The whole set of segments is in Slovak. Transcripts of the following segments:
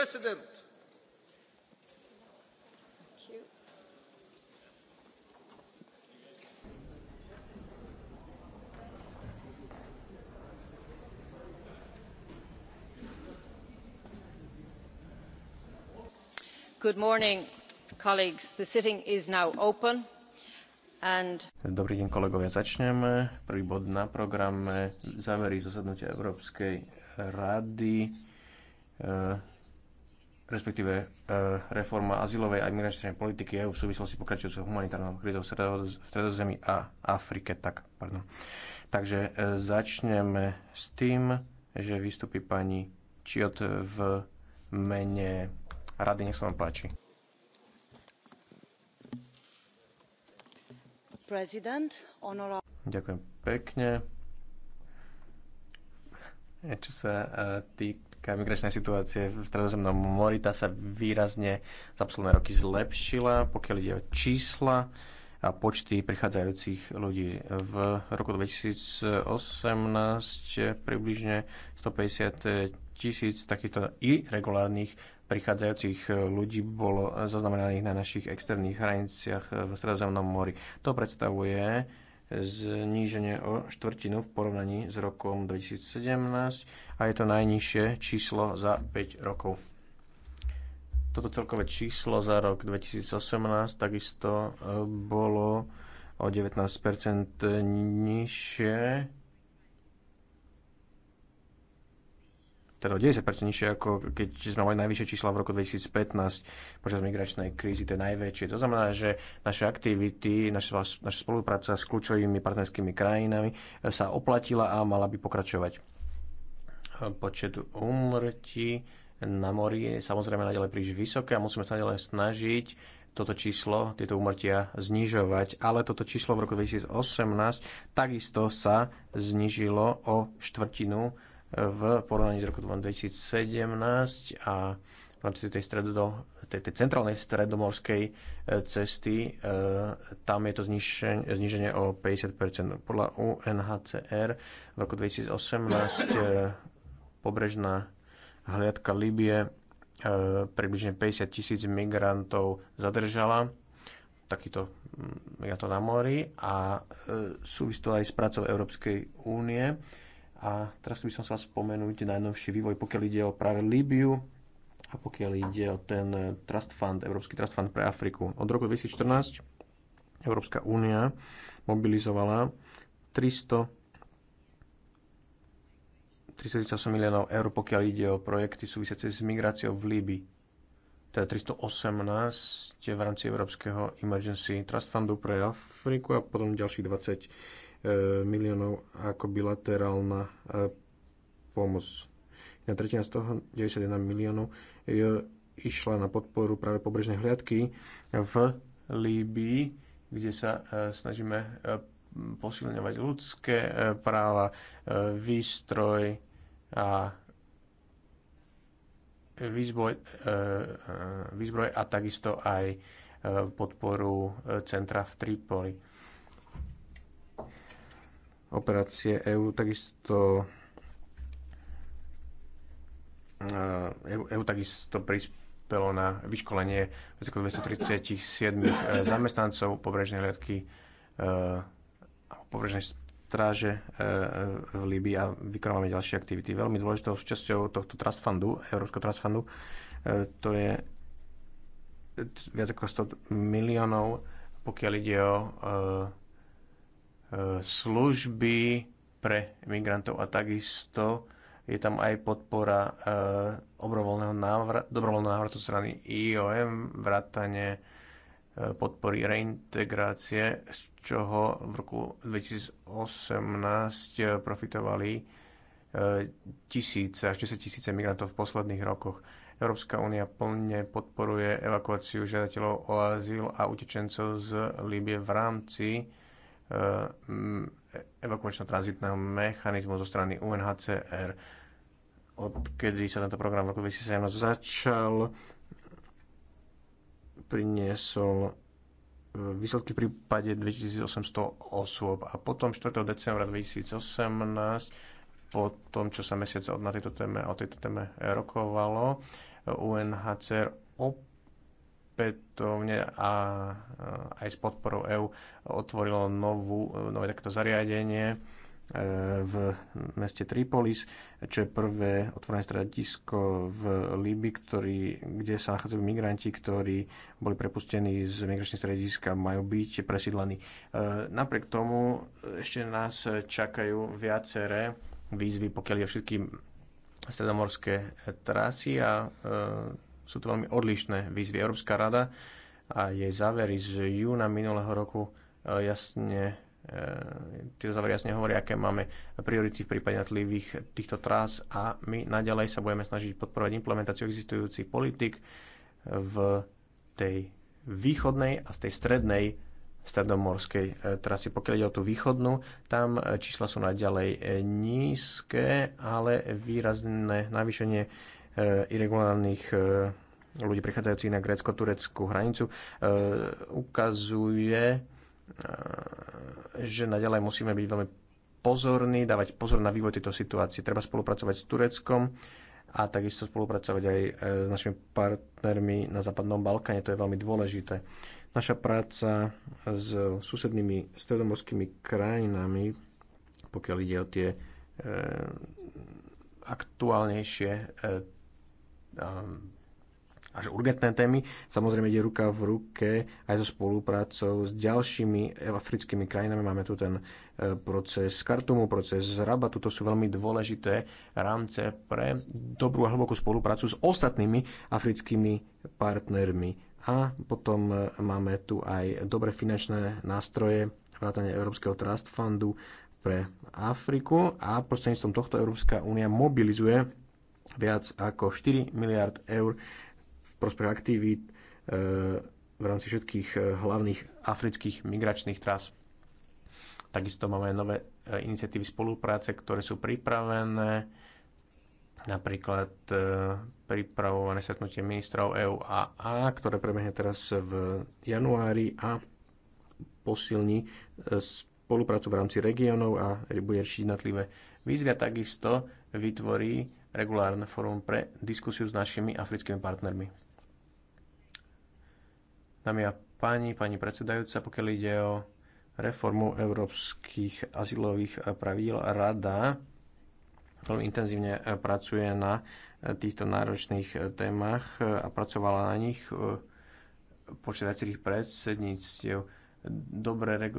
president Dobrý deň kolegovia, začneme. Prvý bod na programe závery zasadnutia Európskej rady. E respektíve e, reforma azylovej a migračnej politiky EU v súvislosti pokračujúcou humanitárnou krízou v stredozemí a Afrike. Tak, pardon. Takže e, začneme s tým, že vystupí pani Čiot v mene rady. Nech sa vám páči. Ďakujem pekne. Čo sa e, týka Migračná situácia v Stredozemnom mori. Tá sa výrazne za posledné roky zlepšila, pokiaľ ide o čísla a počty prichádzajúcich ľudí. V roku 2018 približne 150 tisíc takýchto irregulárnych prichádzajúcich ľudí bolo zaznamenaných na našich externých hraniciach v Stredozemnom mori. To predstavuje zníženie o štvrtinu v porovnaní s rokom 2017 a je to najnižšie číslo za 5 rokov. Toto celkové číslo za rok 2018 takisto e, bolo o 19 nižšie teda 90% nižšie ako keď sme mali najvyššie čísla v roku 2015 počas migračnej krízy, to je najväčšie. To znamená, že naše aktivity, naša, naša spolupráca s kľúčovými partnerskými krajinami sa oplatila a mala by pokračovať. Počet úmrtí na mori je samozrejme naďalej príliš vysoké a musíme sa naďalej snažiť toto číslo, tieto umrtia znižovať, ale toto číslo v roku 2018 takisto sa znižilo o štvrtinu v porovnaní s roku 2017 a v rámci tej, stredo, tej, tej centrálnej stredomorskej e, cesty e, tam je to zniženie, zniženie o 50%. Podľa UNHCR v roku 2018 e, pobrežná hliadka Libie približne 50 tisíc migrantov zadržala takýto mm, migrantov na mori a súvisí to aj s prácou Európskej únie a teraz by som sa spomenúť najnovší vývoj, pokiaľ ide o práve Líbiu a pokiaľ ide o ten Trust Fund, Európsky Trust Fund pre Afriku. Od roku 2014 Európska únia mobilizovala 300 38 miliónov eur, pokiaľ ide o projekty súvisiace s migráciou v Líbii. Teda 318 v rámci Európskeho Emergency Trust Fundu pre Afriku a potom ďalších 20 Eh, miliónov ako bilaterálna eh, pomoc. Na tretina z toho, 91 miliónov, je, išla na podporu práve pobrežnej hliadky v Líbii, kde sa eh, snažíme posilňovať ľudské práva, výstroj a výzbroj, výzbroj a takisto aj podporu centra v Tripoli operácie EÚ takisto EU e e takisto prispelo na vyškolenie 237 e, zamestnancov pobrežnej a pobrežnej stráže v Líbii a vykonávame ďalšie aktivity. Veľmi dôležitou súčasťou tohto Trust Fundu, Európskeho Trust Fundu, to je viac ako 100 miliónov, pokiaľ ide o služby pre migrantov a takisto je tam aj podpora eh, dobrovoľného návratu, dobrovoľného návratu strany IOM, vrátane eh, podpory reintegrácie, z čoho v roku 2018 eh, profitovali tisíce až 10 tisíce migrantov v posledných rokoch. Európska únia plne podporuje evakuáciu žiadateľov o azyl a utečencov z Líbie v rámci Eh, evakuačno-tranzitného mechanizmu zo strany UNHCR. Odkedy sa tento program v roku 2017 začal, priniesol eh, výsledky v prípade 2800 osôb a potom 4. decembra 2018 po tom, čo sa mesiac od na tejto téme, o tejto téme rokovalo, eh, UNHCR op opätovne a eh, aj s podporou EÚ otvorilo novú, nové takéto zariadenie eh, v meste Tripolis, čo je prvé otvorené stredisko v Líbi, ktorý, kde sa nachádzajú migranti, ktorí boli prepustení z migračných strediska, majú byť presídlení. Eh, napriek tomu ešte nás čakajú viaceré výzvy, pokiaľ je všetky stredomorské trasy a sú to veľmi odlišné výzvy. Európska rada a jej závery z júna minulého roku e, jasne e, tieto závery jasne hovoria, aké máme priority v prípade natlivých týchto trás a my naďalej sa budeme snažiť podporovať implementáciu existujúcich politik v tej východnej a z tej strednej stredomorskej e, trasy. Pokiaľ ide o tú východnú, tam čísla sú naďalej nízke, ale výrazné navýšenie Eh, irregulárnych eh, ľudí prichádzajúcich na grécko-tureckú hranicu eh, ukazuje, že naďalej musíme byť veľmi pozorní, dávať pozor na vývoj tejto situácie. Treba spolupracovať s Tureckom a takisto spolupracovať aj s našimi partnermi na Západnom Balkáne. To je veľmi dôležité. Naša práca s susednými stredomorskými krajinami, pokiaľ ide o tie aktuálnejšie Ehm, až urgentné témy. Samozrejme ide ruka v ruke aj so spoluprácou s ďalšími e, africkými krajinami. Máme tu ten e, proces z Kartumu, proces z Rabatu. To sú veľmi dôležité rámce pre dobrú a hlbokú spoluprácu s ostatnými africkými partnermi. A potom e, máme tu aj dobre finančné nástroje, vrátane Európskeho Trust Fundu pre Afriku a prostredníctvom tohto Európska únia mobilizuje viac ako 4 miliard eur v prospech aktivít e, v rámci všetkých e, hlavných afrických migračných tras. Takisto máme nové e, iniciatívy spolupráce, ktoré sú pripravené, napríklad pripravované setnutie ministrov EU a A, ktoré prebehne teraz v januári a posilní spoluprácu v rámci regiónov a bude riešiť jednotlivé výzvy a takisto vytvorí regulárne fórum pre diskusiu s našimi africkými partnermi. Dámy a páni, pani predsedajúca, pokiaľ ide o reformu európskych azylových pravidel, rada veľmi intenzívne pracuje na týchto náročných témach a pracovala na nich eh, počas viacerých predsedníctiev. Dobré eh,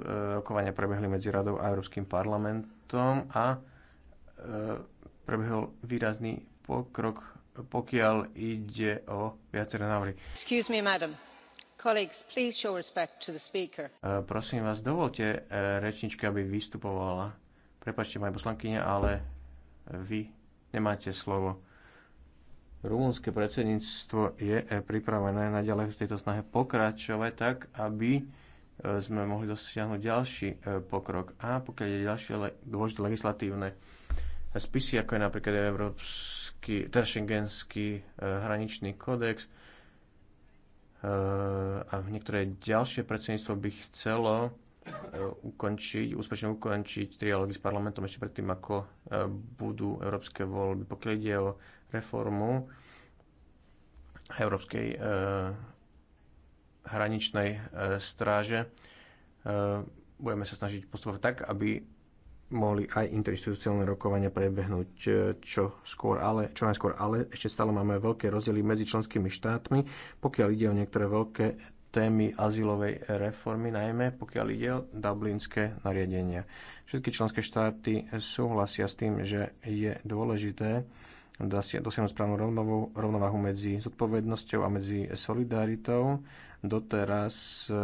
rokovania prebehli medzi radou a Európskym parlamentom a eh, prebehol výrazný pokrok, pokiaľ ide o viaceré návrhy. Excuse me, madam. Colleagues, please show respect to the speaker. E, prosím vás, dovolte e, rečničke, aby vystupovala. Prepačte, moja poslankyňa, ale vy nemáte slovo. Rumunské predsedníctvo je e, pripravené naďalej v tejto snahe pokračovať tak, aby sme mohli dosiahnuť ďalší pokrok. A pokiaľ je ďalšie dôležité legislatívne spisy, ako je napríklad Európsky, teda Schengenský e, hraničný kódex e, a niektoré ďalšie predsedníctvo by chcelo e, ukončiť, úspešne ukončiť trialógy s parlamentom ešte predtým, ako budú európske voľby. Pokiaľ ide o reformu Európskej hraničnej stráže, budeme sa snažiť postupovať tak, aby mohli aj interinstitucionálne rokovania prebehnúť e, čo skôr, ale, čo najskôr, ale ešte stále máme veľké rozdiely medzi členskými štátmi, pokiaľ ide o niektoré veľké témy azylovej reformy, najmä pokiaľ ide o dublinské nariadenia. Všetky členské štáty súhlasia s tým, že je dôležité dosiahnuť správnu rovnováhu medzi zodpovednosťou a medzi solidaritou. Doteraz e,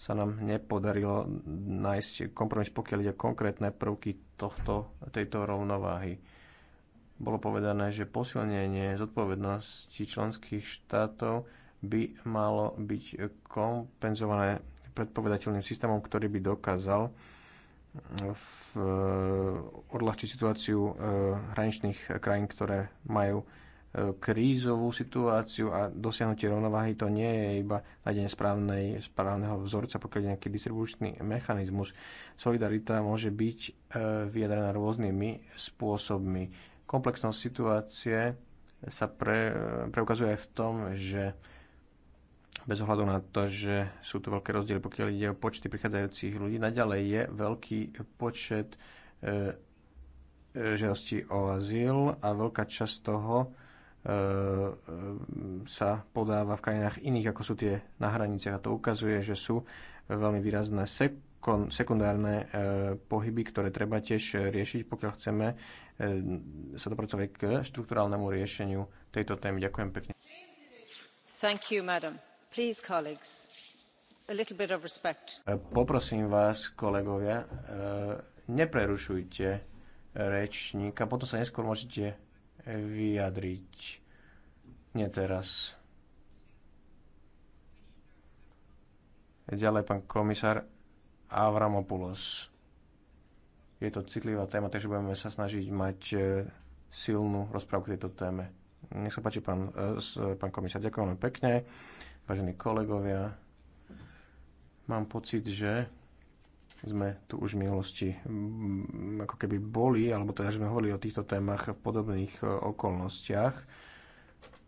sa nám nepodarilo nájsť kompromis, pokiaľ ide konkrétne prvky tohto, tejto rovnováhy. Bolo povedané, že posilnenie zodpovednosti členských štátov by malo byť kompenzované predpovedateľným systémom, ktorý by dokázal eh, odľahčiť situáciu eh, hraničných krajín, ktoré majú krízovú situáciu a dosiahnutie rovnováhy to nie je iba nájdenie správnej, správneho vzorca, pokiaľ je nejaký distribučný mechanizmus. Solidarita môže byť e, vyjadrená rôznymi spôsobmi. Komplexnosť situácie sa pre, preukazuje aj v tom, že bez ohľadu na to, že sú tu veľké rozdiely, pokiaľ ide o počty prichádzajúcich ľudí, naďalej je veľký počet e, e žiadostí o azyl a veľká časť toho E, sa podáva v krajinách iných, ako sú tie na hraniciach. A to ukazuje, že sú veľmi výrazné sekundárne e, pohyby, ktoré treba tiež riešiť, pokiaľ chceme e, sa dopracovať k štruktúrálnemu riešeniu tejto témy. Ďakujem pekne. Thank you, madam. Please, colleagues, a little bit of respect. Poprosím vás, kolegovia, neprerušujte rečníka, potom sa neskôr môžete vyjadriť. Nie teraz. Ďalej pán komisár Avramopoulos. Je to citlivá téma, takže budeme sa snažiť mať e, silnú rozprávku k tejto téme. Nech sa páči, pán, e, pán komisár, ďakujem pekne. Vážení kolegovia, mám pocit, že sme tu už v minulosti mm, ako keby boli, alebo teda, že sme hovorili o týchto témach v podobných e, okolnostiach.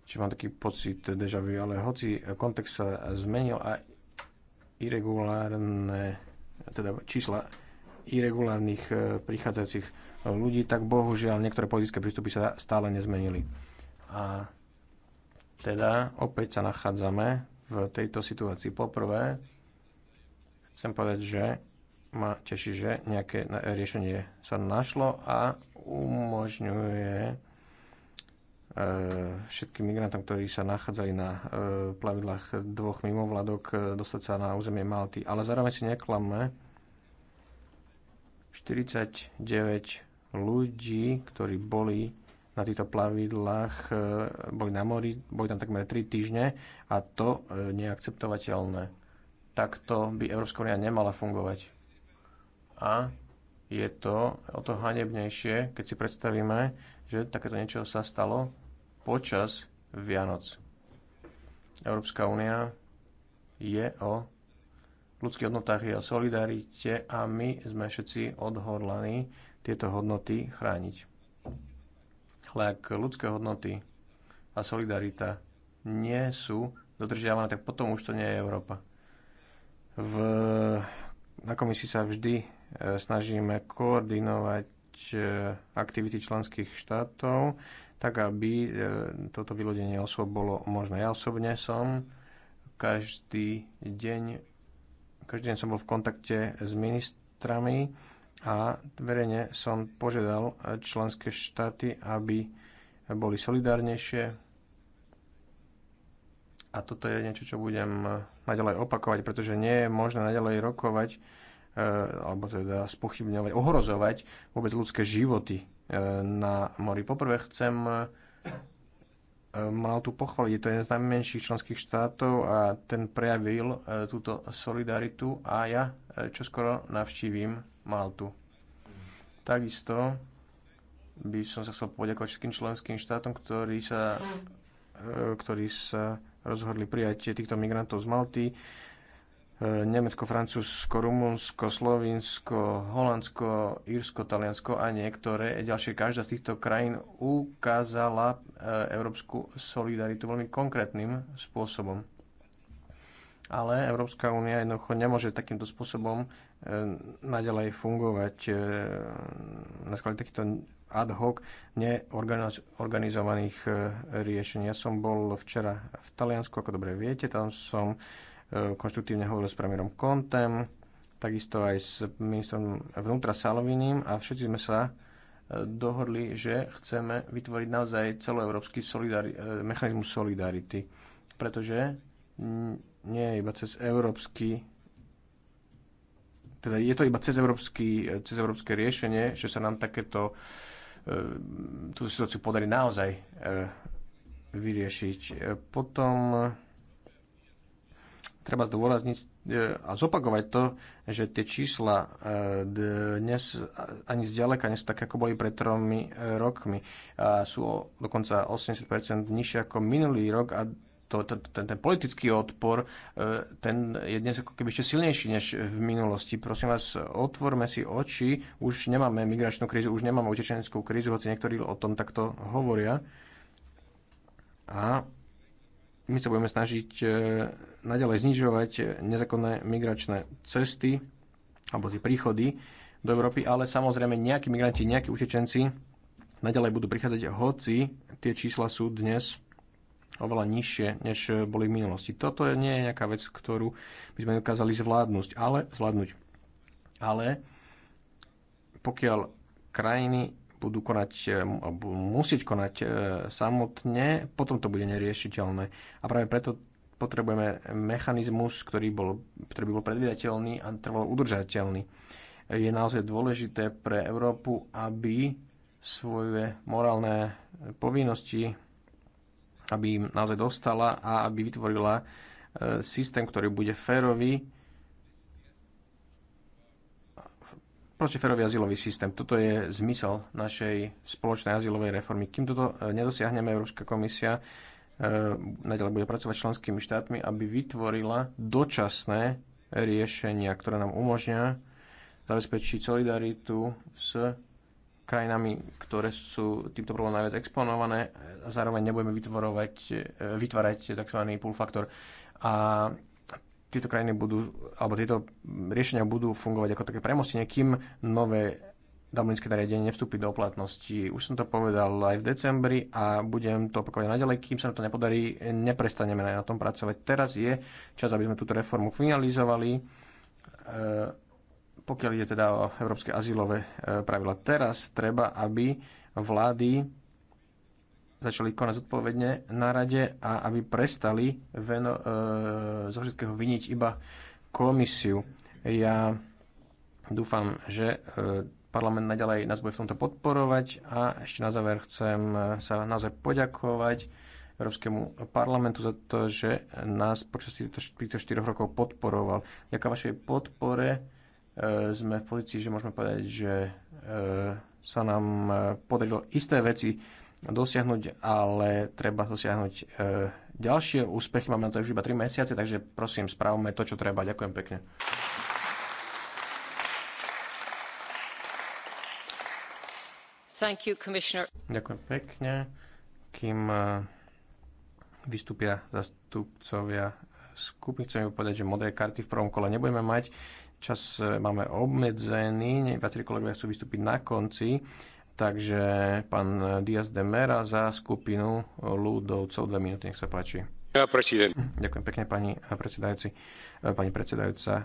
Čiže mám taký pocit deja vu, ale hoci kontext sa zmenil a irregulárne, teda čísla irregulárnych e, prichádzajúcich ľudí, tak bohužiaľ niektoré politické prístupy sa stále nezmenili. A teda opäť sa nachádzame v tejto situácii. Poprvé, chcem povedať, že ma teší, že nejaké riešenie sa našlo a umožňuje e, všetkým migrantom, ktorí sa nachádzali na e, plavidlách dvoch mimovládok, e, dostať sa na územie Malty. Ale zároveň si neklamme, 49 ľudí, ktorí boli na týchto plavidlách, boli na mori, boli tam takmer 3 týždne a to neakceptovateľné. Takto by Európska únia nemala fungovať a je to o to hanebnejšie, keď si predstavíme, že takéto niečo sa stalo počas Vianoc. Európska únia je o ľudských hodnotách, je o solidarite a my sme všetci odhodlaní tieto hodnoty chrániť. Ale ak ľudské hodnoty a solidarita nie sú dodržiavané, tak potom už to nie je Európa. V, na komisii sa vždy E, snažíme koordinovať e, aktivity členských štátov, tak aby e, toto vylodenie osôb bolo možné. Ja osobne som každý deň, každý deň som bol v kontakte s ministrami a verejne som požiadal členské štáty, aby boli solidárnejšie, a toto je niečo, čo budem naďalej opakovať, pretože nie je možné naďalej rokovať E, alebo teda spochybňovať, ohrozovať vôbec ľudské životy e, na mori. Poprvé chcem e, tu pochváliť. Je to jeden z najmenších členských štátov a ten prejavil túto solidaritu a ja čo skoro navštívim Maltu. Takisto by som sa chcel poďakovať všetkým členským štátom, ktorí sa, ktorí sa rozhodli prijať týchto migrantov z Malty Nemecko, Francúzsko, Rumunsko, Slovinsko, Holandsko, Írsko, Taliansko a niektoré ďalšie. Každá z týchto krajín ukázala e, európsku solidaritu veľmi konkrétnym spôsobom. Ale Európska únia jednoducho nemôže takýmto spôsobom e, naďalej fungovať e, na sklade takýchto ad hoc neorganizovaných riešení. Ja som bol včera v Taliansku, ako dobre viete, tam som konštruktívne hovoril s premiérom Kontem, takisto aj s ministrom vnútra Salovinim a všetci sme sa e, dohodli, že chceme vytvoriť naozaj celoeurópsky solidari- e, mechanizmus solidarity, pretože nie je iba cez európsky teda je to iba cez, európsky, e, cez európske riešenie, že sa nám takéto túto situáciu podarí naozaj vyriešiť. Potom treba zdôrazniť e, a zopakovať to, že tie čísla e, dnes ani zďaleka nie sú také, ako boli pred tromi e, rokmi. A sú o, dokonca 80% nižšie ako minulý rok a to, to, ten, ten politický odpor ten je dnes ako keby ešte silnejší než v minulosti. Prosím vás, otvorme si oči, už nemáme migračnú krízu, už nemáme utečeneckú krízu, hoci niektorí o tom takto hovoria. A my sa budeme snažiť e, naďalej znižovať nezákonné migračné cesty alebo tie príchody do Európy, ale samozrejme nejakí migranti, nejakí utečenci naďalej budú prichádzať, hoci tie čísla sú dnes oveľa nižšie, než boli v minulosti. Toto nie je nejaká vec, ktorú by sme dokázali zvládnuť, ale zvládnuť. Ale pokiaľ krajiny budú konať, e, alebo musieť konať e, samotne, potom to bude neriešiteľné. A práve preto potrebujeme mechanizmus, ktorý, bol, ktorý by bol predvidateľný a trvalo udržateľný. Je naozaj dôležité pre Európu, aby svoje morálne povinnosti, aby im naozaj dostala a aby vytvorila e, systém, ktorý bude férový, proste ferový azylový systém. Toto je zmysel našej spoločnej azylovej reformy. Kým toto e, nedosiahneme, Európska komisia e, naďalej bude pracovať s členskými štátmi, aby vytvorila dočasné riešenia, ktoré nám umožňa zabezpečiť solidaritu s krajinami, ktoré sú týmto problémom najviac exponované a zároveň nebudeme vytvorovať, e, vytvárať tzv. pull faktor. A tieto krajiny budú, alebo tieto riešenia budú fungovať ako také premostenie, kým nové dublinské nariadenie nevstúpi do platnosti. Už som to povedal aj v decembri a budem to opakovať naďalej, kým sa nám to nepodarí, neprestaneme na tom pracovať. Teraz je čas, aby sme túto reformu finalizovali, e, pokiaľ ide teda o európske azylové e, pravidla. Teraz treba, aby vlády začali konať odpovedne na rade a aby prestali veno, e, zo všetkého viniť iba komisiu. Ja dúfam, že e, parlament naďalej nás bude v tomto podporovať a ešte na záver chcem e, sa naozaj poďakovať Európskemu parlamentu za to, že nás počas týchto 4 rokov podporoval. Ďaká vašej podpore e, sme v pozícii, že môžeme povedať, že e, sa nám podarilo isté veci dosiahnuť, ale treba dosiahnuť e, ďalšie úspechy. Máme na to už iba 3 mesiace, takže prosím, spravme to, čo treba. Ďakujem pekne. Thank you, Ďakujem pekne. Kým e, vystúpia zastupcovia skupiny. chcem povedať, že modré karty v prvom kole nebudeme mať. Čas e, máme obmedzený, viacerí kolegovia chcú vystúpiť na konci Takže pán Diaz de Mera za skupinu ľudovcov. Dve minúty, nech sa páči. Ja, prezident. Ďakujem pekne, pani predsedajúci. E, pani predsedajúca, e,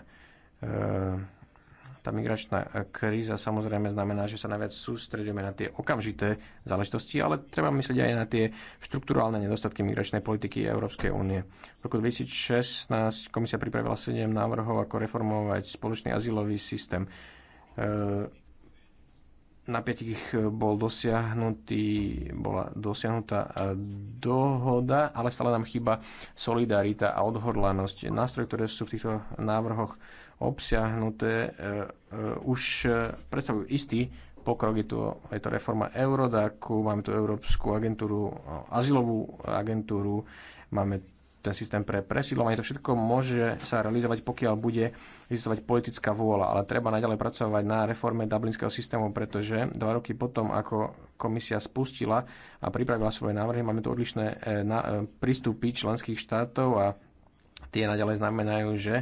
tá migračná kríza samozrejme znamená, že sa najviac sústredíme na tie okamžité záležitosti, ale treba myslieť aj na tie štruktúrálne nedostatky migračnej politiky Európskej únie. V roku 2016 komisia pripravila 7 návrhov, ako reformovať spoločný azylový systém e, na piatich eh, bol dosiahnutý, bola dosiahnutá eh, dohoda, ale stále nám chýba solidarita a odhodlanosť. Nástroje, ktoré sú v týchto návrhoch obsiahnuté, eh, už predstavujú istý pokrok. Je to, je to reforma Eurodaku, máme tu Európsku agentúru, azylovú agentúru, máme ten systém pre presídlovanie. To všetko môže sa realizovať, pokiaľ bude existovať politická vôľa. Ale treba naďalej pracovať na reforme dublinského systému, pretože dva roky potom, ako komisia spustila a pripravila svoje návrhy, máme tu odlišné e, e, prístupy členských štátov a tie naďalej znamenajú, že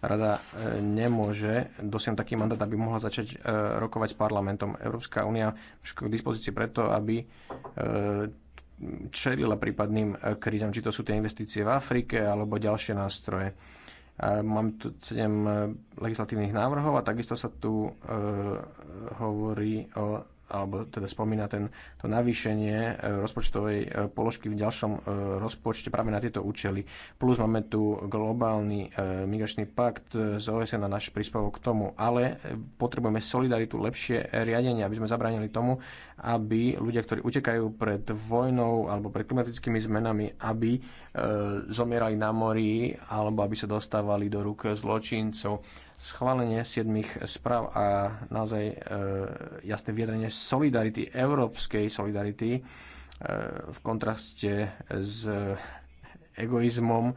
Rada e, nemôže dosiahnuť taký mandát, aby mohla začať rokovať s parlamentom. Európska únia k dispozícii preto, aby čelila prípadným eh, krízam, či to sú tie investície v Afrike alebo ďalšie nástroje. Mám tu 7 eh, legislatívnych návrhov a takisto sa tu eh, hovorí o alebo teda spomína ten, to navýšenie e, rozpočtovej e, položky v ďalšom e, rozpočte práve na tieto účely. Plus máme tu globálny migračný pakt z OSN na náš príspevok k tomu, ale potrebujeme solidaritu, lepšie riadenie, aby sme zabránili tomu, aby ľudia, ktorí utekajú pred vojnou alebo pred klimatickými zmenami, aby zomierali na mori alebo aby sa dostávali do rúk zločincov schválenie siedmých správ a naozaj e, jasné vyjadrenie solidarity, európskej solidarity e, v kontraste s egoizmom a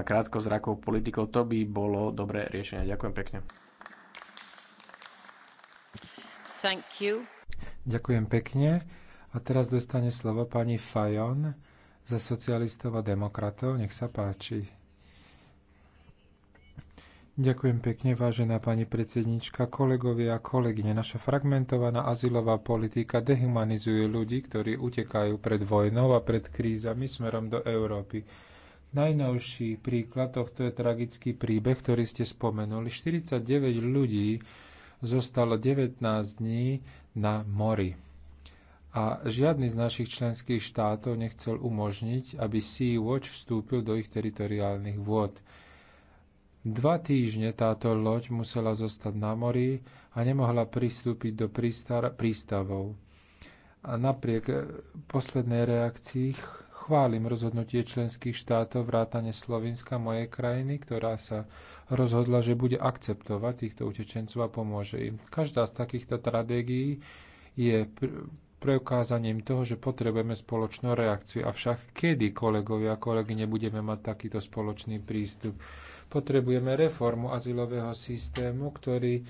krátko krátkozrakou politikou. To by bolo dobré riešenie. Ďakujem pekne. Thank you. Ďakujem pekne. A teraz dostane slovo pani Fajon za socialistov a demokratov. Nech sa páči. Ďakujem pekne, vážená pani predsednička, kolegovia a kolegyne. Naša fragmentovaná azylová politika dehumanizuje ľudí, ktorí utekajú pred vojnou a pred krízami smerom do Európy. Najnovší príklad tohto je tragický príbeh, ktorý ste spomenuli. 49 ľudí zostalo 19 dní na mori. A žiadny z našich členských štátov nechcel umožniť, aby Sea-Watch vstúpil do ich teritoriálnych vôd. Dva týždne táto loď musela zostať na mori a nemohla pristúpiť do prístavov. A napriek eh, poslednej reakcii chválim rozhodnutie členských štátov vrátane Slovenska, mojej krajiny, ktorá sa rozhodla, že bude akceptovať týchto utečencov a pomôže im. Každá z takýchto stratégií je preukázaním toho, že potrebujeme spoločnú reakciu. Avšak kedy, kolegovia a kolegy, nebudeme mať takýto spoločný prístup? Potrebujeme reformu azylového systému, ktorý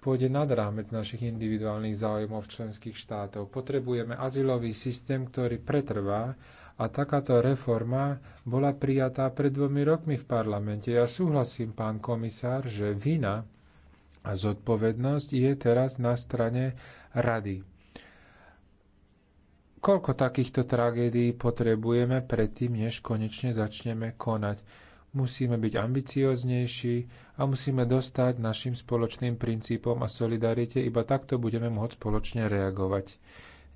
pôjde nad rámec našich individuálnych záujmov členských štátov. Potrebujeme azylový systém, ktorý pretrvá a takáto reforma bola prijatá pred dvomi rokmi v parlamente. Ja súhlasím, pán komisár, že vina a zodpovednosť je teraz na strane rady. Koľko takýchto tragédií potrebujeme predtým, než konečne začneme konať? musíme byť ambicioznejší a musíme dostať našim spoločným princípom a solidarite, iba takto budeme môcť spoločne reagovať.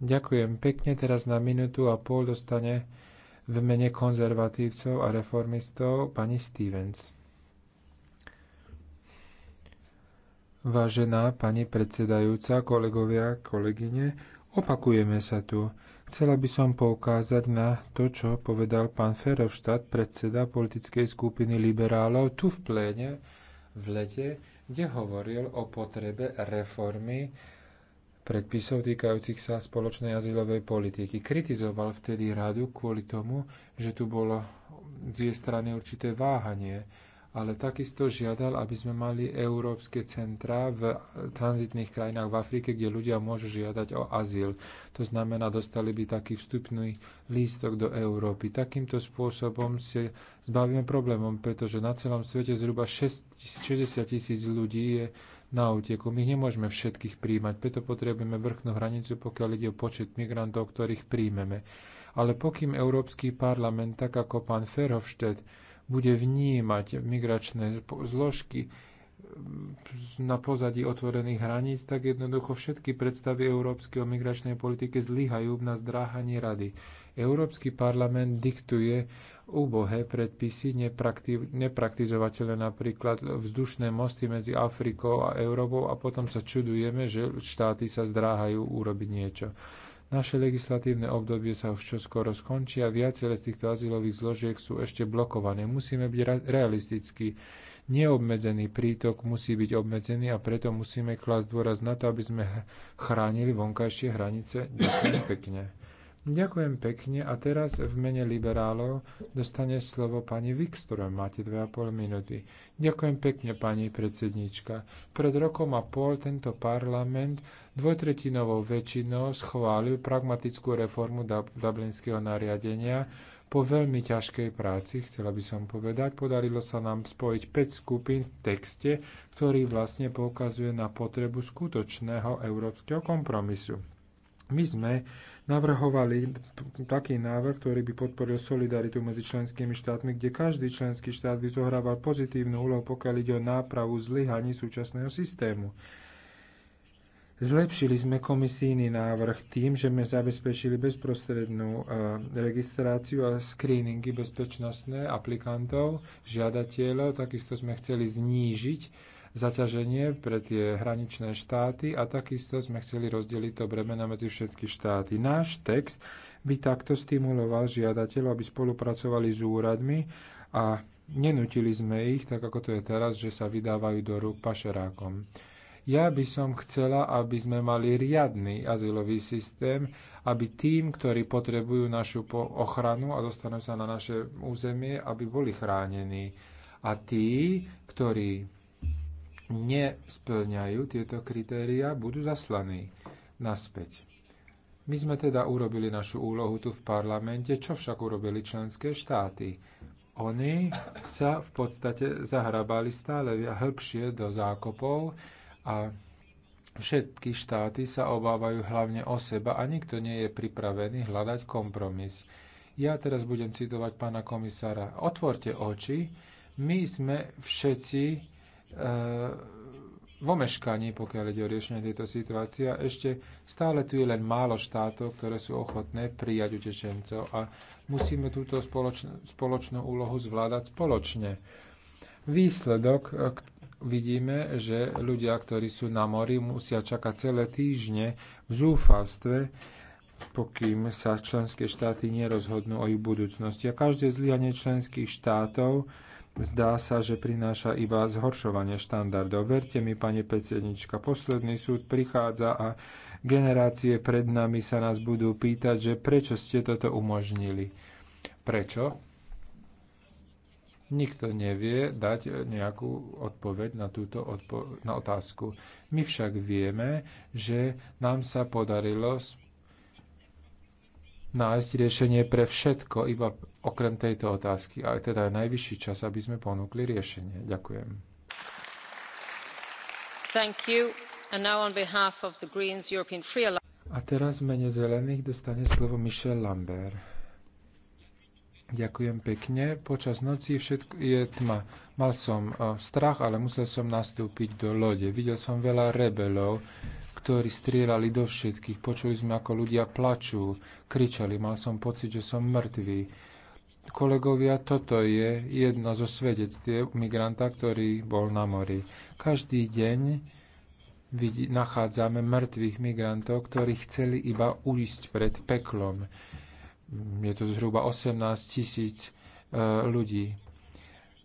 Ďakujem pekne, teraz na minútu a pol dostane v mene konzervatívcov a reformistov pani Stevens. Vážená pani predsedajúca, kolegovia, kolegyne, opakujeme sa tu. Chcela by som poukázať na to, čo povedal pán Ferovštát, predseda politickej skupiny liberálov, tu v pléne v lete, kde hovoril o potrebe reformy predpisov týkajúcich sa spoločnej azylovej politiky. Kritizoval vtedy radu kvôli tomu, že tu bolo z jej strany určité váhanie ale takisto žiadal, aby sme mali európske centrá v tranzitných krajinách v Afrike, kde ľudia môžu žiadať o azyl. To znamená, dostali by taký vstupný lístok do Európy. Takýmto spôsobom sa zbavíme problémom, pretože na celom svete zhruba 60 tisíc ľudí je na úteku. My nemôžeme všetkých príjmať, preto potrebujeme vrchnú hranicu, pokiaľ ide o počet migrantov, ktorých príjmeme. Ale pokým Európsky parlament, tak ako pán Ferhofštedt, bude vnímať migračné zložky na pozadí otvorených hraníc, tak jednoducho všetky predstavy európskej o migračnej politike zlyhajú na zdráhanie rady. Európsky parlament diktuje úbohé predpisy, neprakti- nepraktizovateľné napríklad vzdušné mosty medzi Afrikou a Európou a potom sa čudujeme, že štáty sa zdráhajú urobiť niečo. Naše legislatívne obdobie sa už čoskoro skončí a viaceré z týchto azylových zložiek sú ešte blokované. Musíme byť realistickí. Neobmedzený prítok musí byť obmedzený a preto musíme klásť dôraz na to, aby sme chránili vonkajšie hranice. Ďakujem pekne. Ďakujem pekne a teraz v mene liberálov dostane slovo pani Wikström. Máte 2,5 minúty. Ďakujem pekne, pani predsedníčka. Pred rokom a pol tento parlament dvojtretinovou väčšinou schválil pragmatickú reformu Dublinského nariadenia, po veľmi ťažkej práci, chcela by som povedať, podarilo sa nám spojiť 5 skupín v texte, ktorý vlastne poukazuje na potrebu skutočného európskeho kompromisu. My sme navrhovali taký návrh, ktorý by podporil solidaritu medzi členskými štátmi, kde každý členský štát by zohrával pozitívnu úlohu, pokiaľ ide o nápravu zlyhaní súčasného systému. Zlepšili sme komisijný návrh tým, že sme zabezpečili bezprostrednú e, registráciu a screeningy bezpečnostné aplikantov, žiadateľov. Takisto sme chceli znížiť zaťaženie pre tie hraničné štáty a takisto sme chceli rozdeliť to bremeno medzi všetky štáty. Náš text by takto stimuloval žiadateľov, aby spolupracovali s úradmi a nenutili sme ich, tak ako to je teraz, že sa vydávajú do rúk pašerákom. Ja by som chcela, aby sme mali riadny azylový systém, aby tým, ktorí potrebujú našu ochranu a dostanú sa na naše územie, aby boli chránení. A tí, ktorí nesplňajú tieto kritéria, budú zaslaní naspäť. My sme teda urobili našu úlohu tu v parlamente, čo však urobili členské štáty. Oni sa v podstate zahrabali stále hĺbšie do zákopov a všetky štáty sa obávajú hlavne o seba a nikto nie je pripravený hľadať kompromis. Ja teraz budem citovať pána komisára. Otvorte oči, my sme všetci vo meškaní, pokiaľ ide o riešenie tejto situácie. A ešte stále tu je len málo štátov, ktoré sú ochotné prijať utečencov a musíme túto spoločn- spoločnú úlohu zvládať spoločne. Výsledok e, vidíme, že ľudia, ktorí sú na mori, musia čakať celé týždne v zúfalstve, pokým sa členské štáty nerozhodnú o ich budúcnosti. A každé zlyhanie členských štátov zdá sa, že prináša iba zhoršovanie štandardov. Verte mi, pani predsednička, posledný súd prichádza a generácie pred nami sa nás budú pýtať, že prečo ste toto umožnili. Prečo? Nikto nevie dať nejakú odpoveď na túto odpo- na otázku. My však vieme, že nám sa podarilo nájsť riešenie pre všetko, iba okrem tejto otázky. Ale teda je najvyšší čas, aby sme ponúkli riešenie. Ďakujem. Thank you. And now on behalf of the Greens, European Free Alliance. A teraz v mene zelených dostane slovo Michel Lambert. Ďakujem pekne. Počas noci všetko je tma. Mal som eh, strach, ale musel som nastúpiť do lode. Videl som veľa rebelov ktorí strieľali do všetkých. Počuli sme, ako ľudia plačú, kričali, mal som pocit, že som mŕtvý. Kolegovia, toto je jedno zo svedectiev migranta, ktorý bol na mori. Každý deň vidí, nachádzame mŕtvych migrantov, ktorí chceli iba ujsť pred peklom. Je to zhruba 18 tisíc e, ľudí.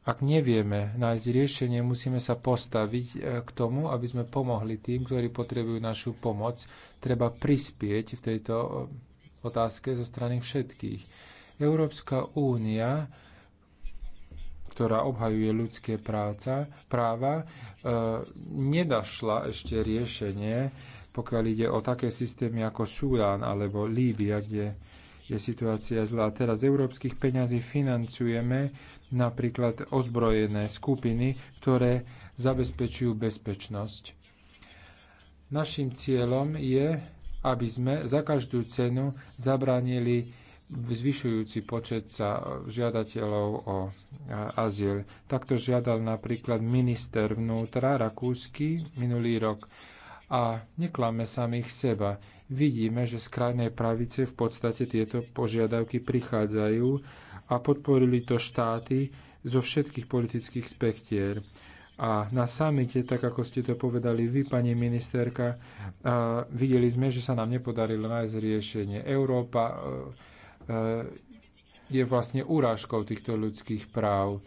Ak nevieme nájsť riešenie, musíme sa postaviť e, k tomu, aby sme pomohli tým, ktorí potrebujú našu pomoc. Treba prispieť v tejto e, otázke zo strany všetkých. Európska únia, ktorá obhajuje ľudské práca, práva, e, nedašla ešte riešenie, pokiaľ ide o také systémy ako Sudán alebo Líbia, kde je situácia zlá. Teraz z európskych peňazí financujeme napríklad ozbrojené skupiny, ktoré zabezpečujú bezpečnosť. Naším cieľom je, aby sme za každú cenu zabránili zvyšujúci počet sa žiadateľov o azyl. Takto žiadal napríklad minister vnútra Rakúsky minulý rok. A neklame samých seba. Vidíme, že z krajnej pravice v podstate tieto požiadavky prichádzajú a podporili to štáty zo všetkých politických spektier. A na samite, tak ako ste to povedali vy, pani ministerka, videli sme, že sa nám nepodarilo nájsť riešenie. Európa e, e, je vlastne urážkou týchto ľudských práv.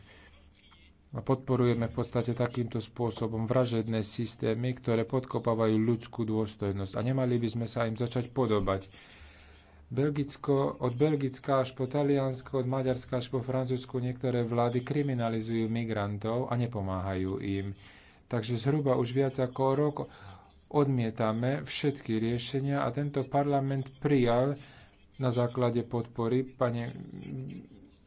A podporujeme v podstate takýmto spôsobom vražedné systémy, ktoré podkopávajú ľudskú dôstojnosť. A nemali by sme sa im začať podobať Belgicko, od Belgicka až po Taliansko, od Maďarska až po Francúzsku niektoré vlády kriminalizujú migrantov a nepomáhajú im. Takže zhruba už viac ako rok odmietame všetky riešenia a tento parlament prijal na základe podpory pani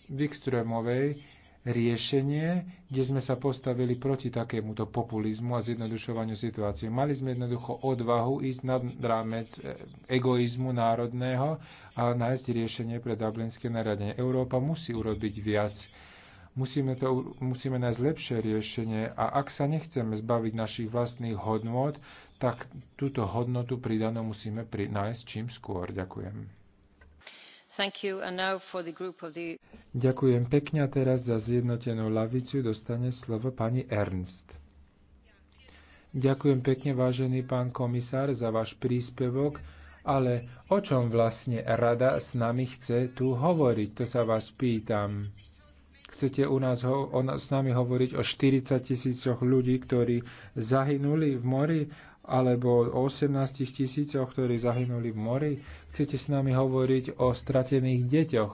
Wikströmovej riešenie, kde sme sa postavili proti takémuto populizmu a zjednodušovaniu situácie. Mali sme jednoducho odvahu ísť nad rámec e, egoizmu národného a nájsť riešenie pre Dublinské naradenie. Európa musí urobiť viac. Musíme, to, musíme nájsť lepšie riešenie a ak sa nechceme zbaviť našich vlastných hodnot, tak túto hodnotu pridanú musíme pri, nájsť čím skôr. Ďakujem. Ďakujem pekne a teraz za zjednotenú lavicu dostane slovo pani Ernst. Ďakujem pekne, vážený pán komisár, za váš príspevok, ale o čom vlastne rada s nami chce tu hovoriť? To sa vás pýtam. Chcete u nás ho, o, s nami hovoriť o 40 tisícoch ľudí, ktorí zahynuli v mori? alebo o 18 tisícoch, ktorí zahynuli v mori. Chcete s nami hovoriť o stratených deťoch,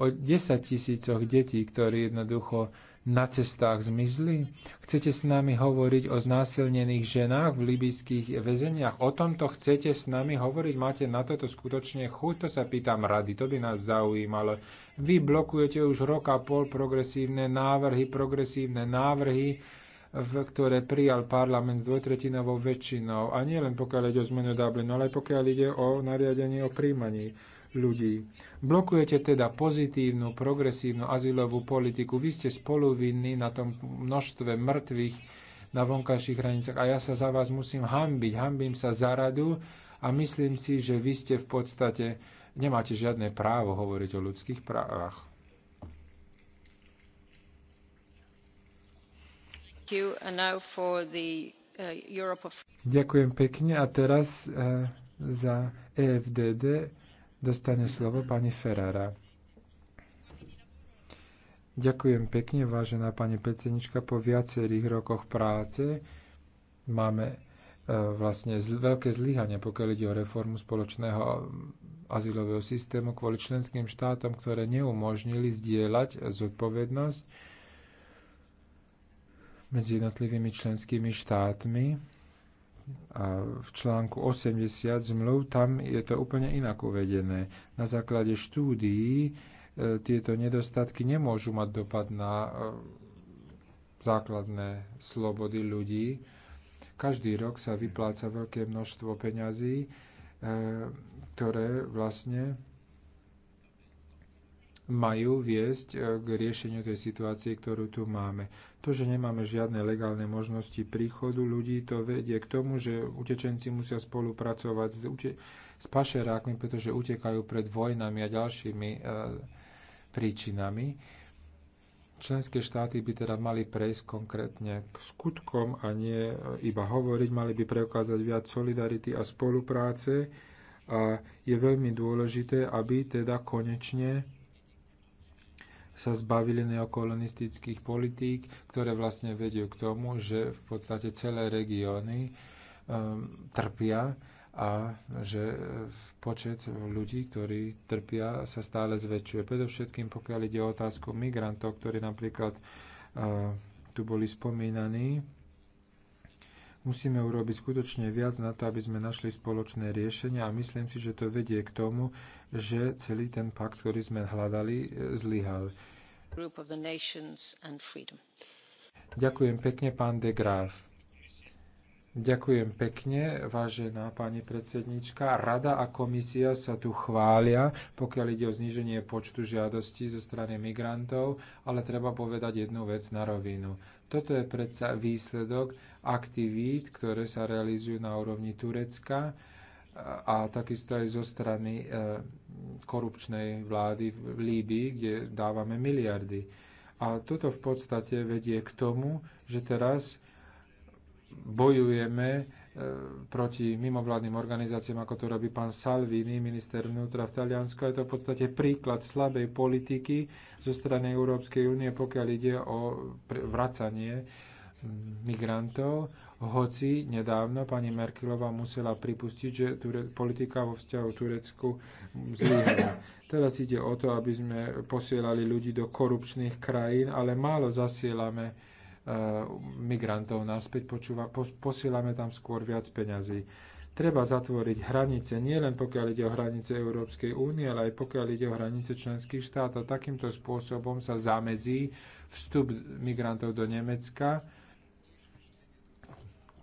o 10 tisícoch detí, ktorí jednoducho na cestách zmizli? Chcete s nami hovoriť o znásilnených ženách v libijských väzeniach? O tomto chcete s nami hovoriť? Máte na toto skutočne chuť? To sa pýtam rady, to by nás zaujímalo. Vy blokujete už rok a pol progresívne návrhy, progresívne návrhy, v, ktoré prijal parlament s dvojtretinovou väčšinou. A nie len pokiaľ ide o zmenu Dublinu, ale aj pokiaľ ide o nariadenie o príjmaní ľudí. Blokujete teda pozitívnu, progresívnu azylovú politiku. Vy ste spoluvinní na tom množstve mŕtvych na vonkajších hranicách. A ja sa za vás musím hambiť. Hambím sa za radu a myslím si, že vy ste v podstate, nemáte žiadne právo hovoriť o ľudských právach. Uh, Ďakujem pekne a teraz uh, za EFDD dostane slovo pani Ferrara. Ďakujem pekne, vážená pani predsednička. Po viacerých rokoch práce máme uh, vlastne veľké zlyhania, pokiaľ ide o reformu spoločného um, azylového systému kvôli členským štátom, ktoré neumožnili zdieľať zodpovednosť medzi jednotlivými členskými štátmi. A v článku 80 zmluv tam je to úplne inak uvedené. Na základe štúdií e, tieto nedostatky nemôžu mať dopad na e, základné slobody ľudí. Každý rok sa vypláca veľké množstvo peňazí, e, ktoré vlastne majú viesť e, k riešeniu tej situácie, ktorú tu máme. To, že nemáme žiadne legálne možnosti príchodu ľudí, to vedie k tomu, že utečenci musia spolupracovať s, ute- s pašerákmi, pretože utekajú pred vojnami a ďalšími e, príčinami. Členské štáty by teda mali prejsť konkrétne k skutkom a nie e, iba hovoriť, mali by preukázať viac solidarity a spolupráce a je veľmi dôležité, aby teda konečne sa zbavili neokolonistických politík, ktoré vlastne vedú k tomu, že v podstate celé regióny um, trpia a že e, počet ľudí, ktorí trpia, sa stále zväčšuje. Predovšetkým, pokiaľ ide o otázku migrantov, ktorí napríklad uh, tu boli spomínaní, Musíme urobiť skutočne viac na to, aby sme našli spoločné riešenia a myslím si, že to vedie k tomu, že celý ten pakt, ktorý sme hľadali, e, zlyhal. Ďakujem pekne, pán de Graaf. Ďakujem pekne, vážená pani predsednička. Rada a komisia sa tu chvália, pokiaľ ide o zníženie počtu žiadostí zo strany migrantov, ale treba povedať jednu vec na rovinu. Toto je predsa výsledok aktivít, ktoré sa realizujú na úrovni Turecka a takisto aj zo strany e, korupčnej vlády v Líbii, kde dávame miliardy. A toto v podstate vedie k tomu, že teraz bojujeme E, proti mimovládnym organizáciám, ako to robí pán Salvini, minister vnútra v Taliansku. Je to v podstate príklad slabej politiky zo strany Európskej únie, pokiaľ ide o vracanie mm, migrantov, hoci nedávno pani Merkelová musela pripustiť, že Ture- politika vo vzťahu Turecku zlyhala. Teraz ide o to, aby sme posielali ľudí do korupčných krajín, ale málo zasielame E, migrantov naspäť, počúva, posielame tam skôr viac peňazí. Treba zatvoriť hranice, nielen pokiaľ ide o hranice Európskej únie, ale aj pokiaľ ide o hranice členských štátov. Takýmto spôsobom sa zamedzí vstup migrantov do Nemecka,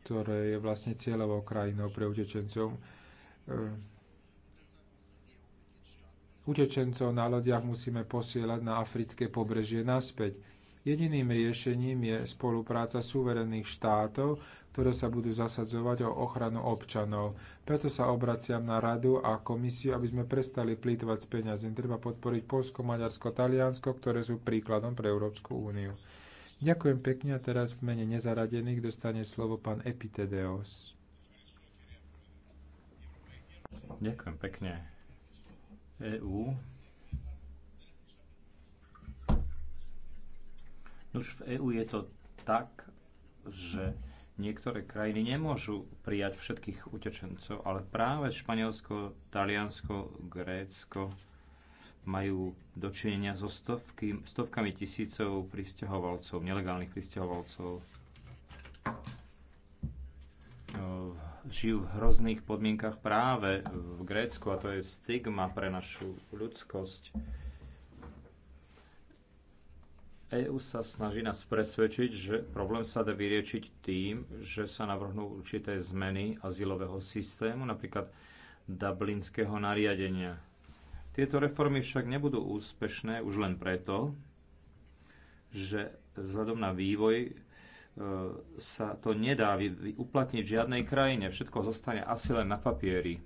ktoré je vlastne cieľovou krajinou pre utečencov. E, utečencov na lodiach musíme posielať na africké pobrežie naspäť Jediným riešením je spolupráca suverénnych štátov, ktoré sa budú zasadzovať o ochranu občanov. Preto sa obraciam na radu a komisiu, aby sme prestali plýtvať s peniazmi. Treba podporiť Polsko, Maďarsko, Taliansko, ktoré sú príkladom pre Európsku úniu. Ďakujem pekne a teraz v mene nezaradených dostane slovo pán Epitedeos. Ďakujem pekne. EU Už v EÚ je to tak, že niektoré krajiny nemôžu prijať všetkých utečencov, ale práve Španielsko, Taliansko, Grécko majú dočinenia so stovky, stovkami tisícov pristahovalcov, nelegálnych pristahovalcov. Eh, žijú v hrozných podmienkach práve v Grécku a to je stigma pre našu ľudskosť EÚ sa snaží nás presvedčiť, že problém sa dá vyriešiť tým, že sa navrhnú určité zmeny azylového systému, napríklad dublinského nariadenia. Tieto reformy však nebudú úspešné už len preto, že vzhľadom na vývoj e, sa to nedá uplatniť v žiadnej krajine. Všetko zostane asi len na papieri.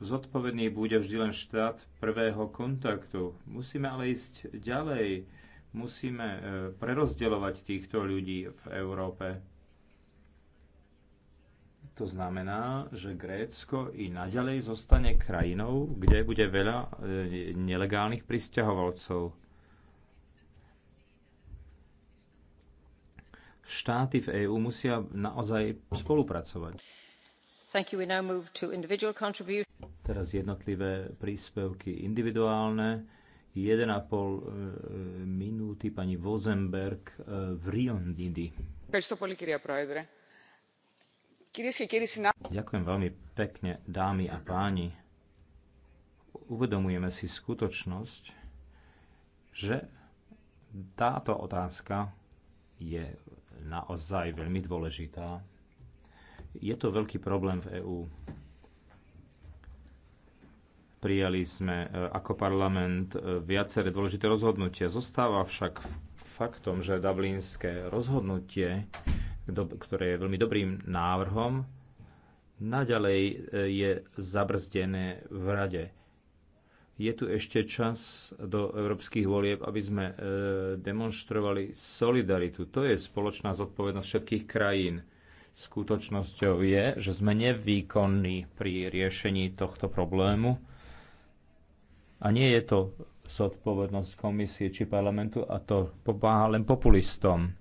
Zodpovedný bude vždy len štát prvého kontaktu. Musíme ale ísť ďalej. Musíme e, prerozdeľovať týchto ľudí v Európe. To znamená, že Grécko i naďalej zostane krajinou, kde bude veľa e, nelegálnych pristahovalcov. Štáty v EÚ musia naozaj spolupracovať. Thank you. We now move to individual Teraz jednotlivé príspevky individuálne. 1,5 e, minúty pani Vozenberg e, v Riondidi. Ďakujem veľmi pekne, dámy a páni. Uvedomujeme si skutočnosť, že táto otázka je naozaj veľmi dôležitá. Je to veľký problém v EÚ Prijali sme e, ako parlament e, viaceré dôležité rozhodnutia. Zostáva však faktom, že dublinské rozhodnutie, ktoré je veľmi dobrým návrhom, naďalej e, je zabrzdené v rade. Je tu ešte čas do európskych volieb, aby sme demonstrovali solidaritu. To je spoločná zodpovednosť všetkých krajín. Skutočnosťou je, že sme nevýkonní pri riešení tohto problému a nie je to zodpovednosť komisie či parlamentu a to pomáha len populistom.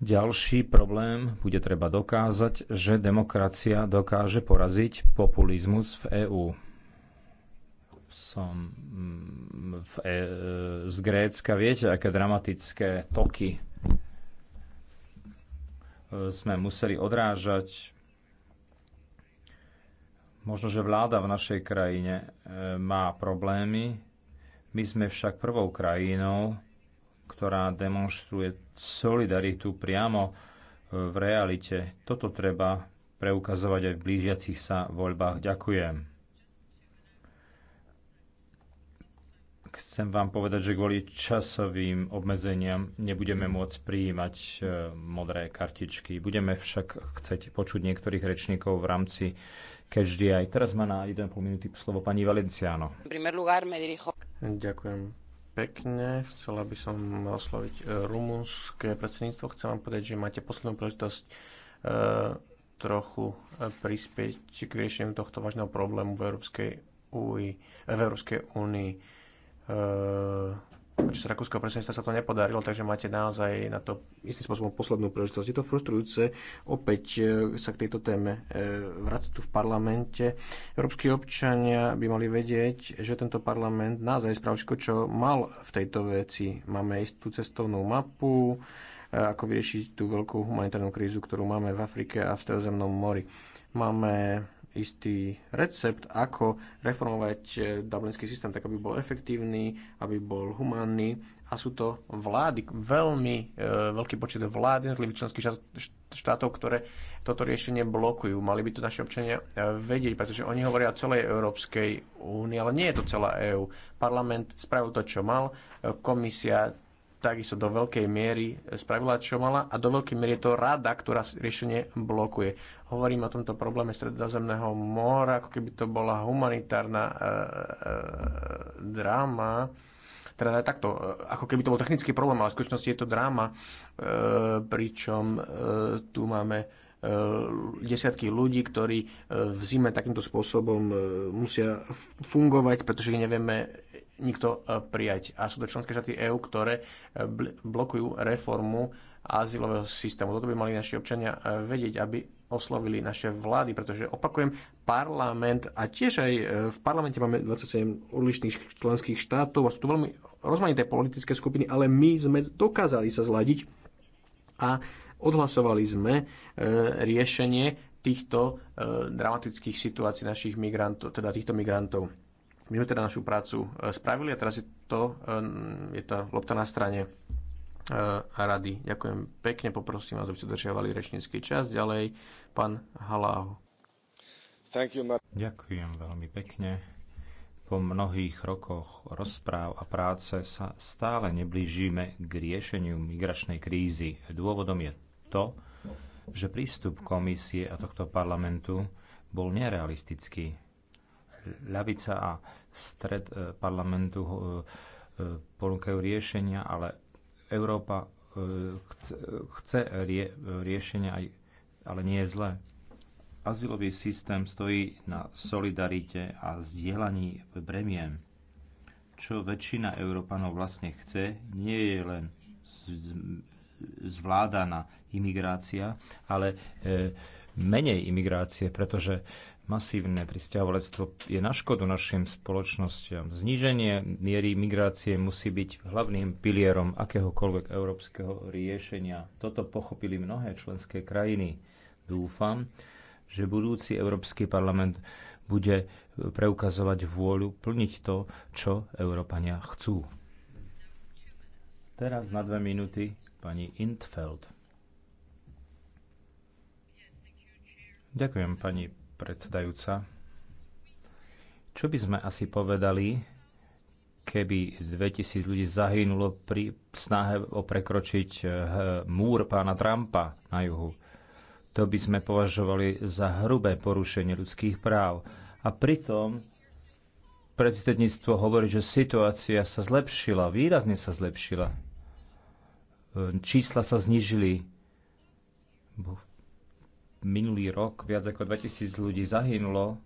Ďalší problém bude treba dokázať, že demokracia dokáže poraziť populizmus v EÚ. Som mm, v e- z Grécka, viete, aké dramatické toky e, sme museli odrážať Možno, že vláda v našej krajine e, má problémy. My sme však prvou krajinou, ktorá demonstruje solidaritu priamo e, v realite. Toto treba preukazovať aj v blížiacich sa voľbách. Ďakujem. Chcem vám povedať, že kvôli časovým obmedzeniam nebudeme môcť prijímať e, modré kartičky. Budeme však chcieť počuť niektorých rečníkov v rámci Catch aj. Teraz má na 1,5 minúty slovo pani Valenciano. Ďakujem pekne. Chcela by som osloviť e, rumunské predsedníctvo. Chcem vám povedať, že máte poslednú príležitosť e, trochu e, prispieť k riešeniu tohto vážneho problému v Európskej V Európskej únii počas rakúskeho predsedníctva sa to nepodarilo, takže máte naozaj na to istým spôsobom poslednú príležitosť. Je to frustrujúce opäť e, sa k tejto téme e, vrácať tu v parlamente. Európsky občania by mali vedieť, že tento parlament naozaj spravil všetko, čo mal v tejto veci. Máme istú cestovnú mapu, e, ako vyriešiť tú veľkú humanitárnu krízu, ktorú máme v Afrike a v Stredozemnom mori. Máme istý recept, ako reformovať eh, dublinský systém tak, aby bol efektívny, aby bol humánny a sú to vlády, veľmi e, veľký počet vlád jednotlivých členských štátov, ktoré toto riešenie blokujú. Mali by to naši občania eh, vedieť, pretože oni hovoria o celej Európskej únii, ale nie je to celá EÚ. Parlament spravil to, čo mal, komisia takisto do veľkej miery spravila, čo mala a do veľkej miery je to rada, ktorá riešenie blokuje. Hovorím o tomto probléme Stredozemného mora, ako keby to bola humanitárna e, e, dráma, teda takto, e, ako keby to bol technický problém, ale v skutočnosti je to dráma, e, pričom e, tu máme e, desiatky ľudí, ktorí e, v zime takýmto spôsobom musia fungovať, pretože ich nevieme nikto e, prijať. A sú to členské štáty EÚ, ktoré e, blokujú reformu azylového systému. Toto by mali naši občania e, vedieť, aby oslovili naše vlády, pretože opakujem, parlament a tiež aj v parlamente máme 27 odlišných členských štátov a sú tu veľmi rozmanité politické skupiny, ale my sme dokázali sa zladiť a odhlasovali sme riešenie týchto dramatických situácií našich migrantov, teda týchto migrantov. My sme teda našu prácu e, spravili a teraz je, to, e, je tá lopta na strane e, rady. Ďakujem pekne, poprosím vás, aby ste držiavali rečnícky čas. Ďalej, pán Haláho. Ďakujem veľmi pekne. Po mnohých rokoch rozpráv a práce sa stále neblížime k riešeniu migračnej krízy. Dôvodom je to, že prístup komisie a tohto parlamentu bol nerealistický. Ľavica a stred e, parlamentu e, e, ponúkajú riešenia, ale Európa chce, riešenia, ale nie je zlé. Azylový systém stojí na solidarite a zdieľaní bremien. Čo väčšina Európanov vlastne chce, nie je len zvládaná imigrácia, ale menej imigrácie, pretože masívne pristahovalectvo je na škodu našim spoločnostiam. Zníženie miery migrácie musí byť hlavným pilierom akéhokoľvek európskeho riešenia. Toto pochopili mnohé členské krajiny. Dúfam, že budúci Európsky parlament bude preukazovať vôľu plniť to, čo Európania chcú. Teraz na dve minúty pani Intfeld. Ďakujem, pani predsedajúca. Čo by sme asi povedali, keby 2000 ľudí zahynulo pri snahe o prekročiť eh, múr pána Trumpa na juhu? To by sme považovali za hrubé porušenie ľudských práv. A pritom predsedníctvo hovorí, že situácia sa zlepšila, výrazne sa zlepšila. Eh, čísla sa znižili minulý rok viac ako 2000 ľudí zahynulo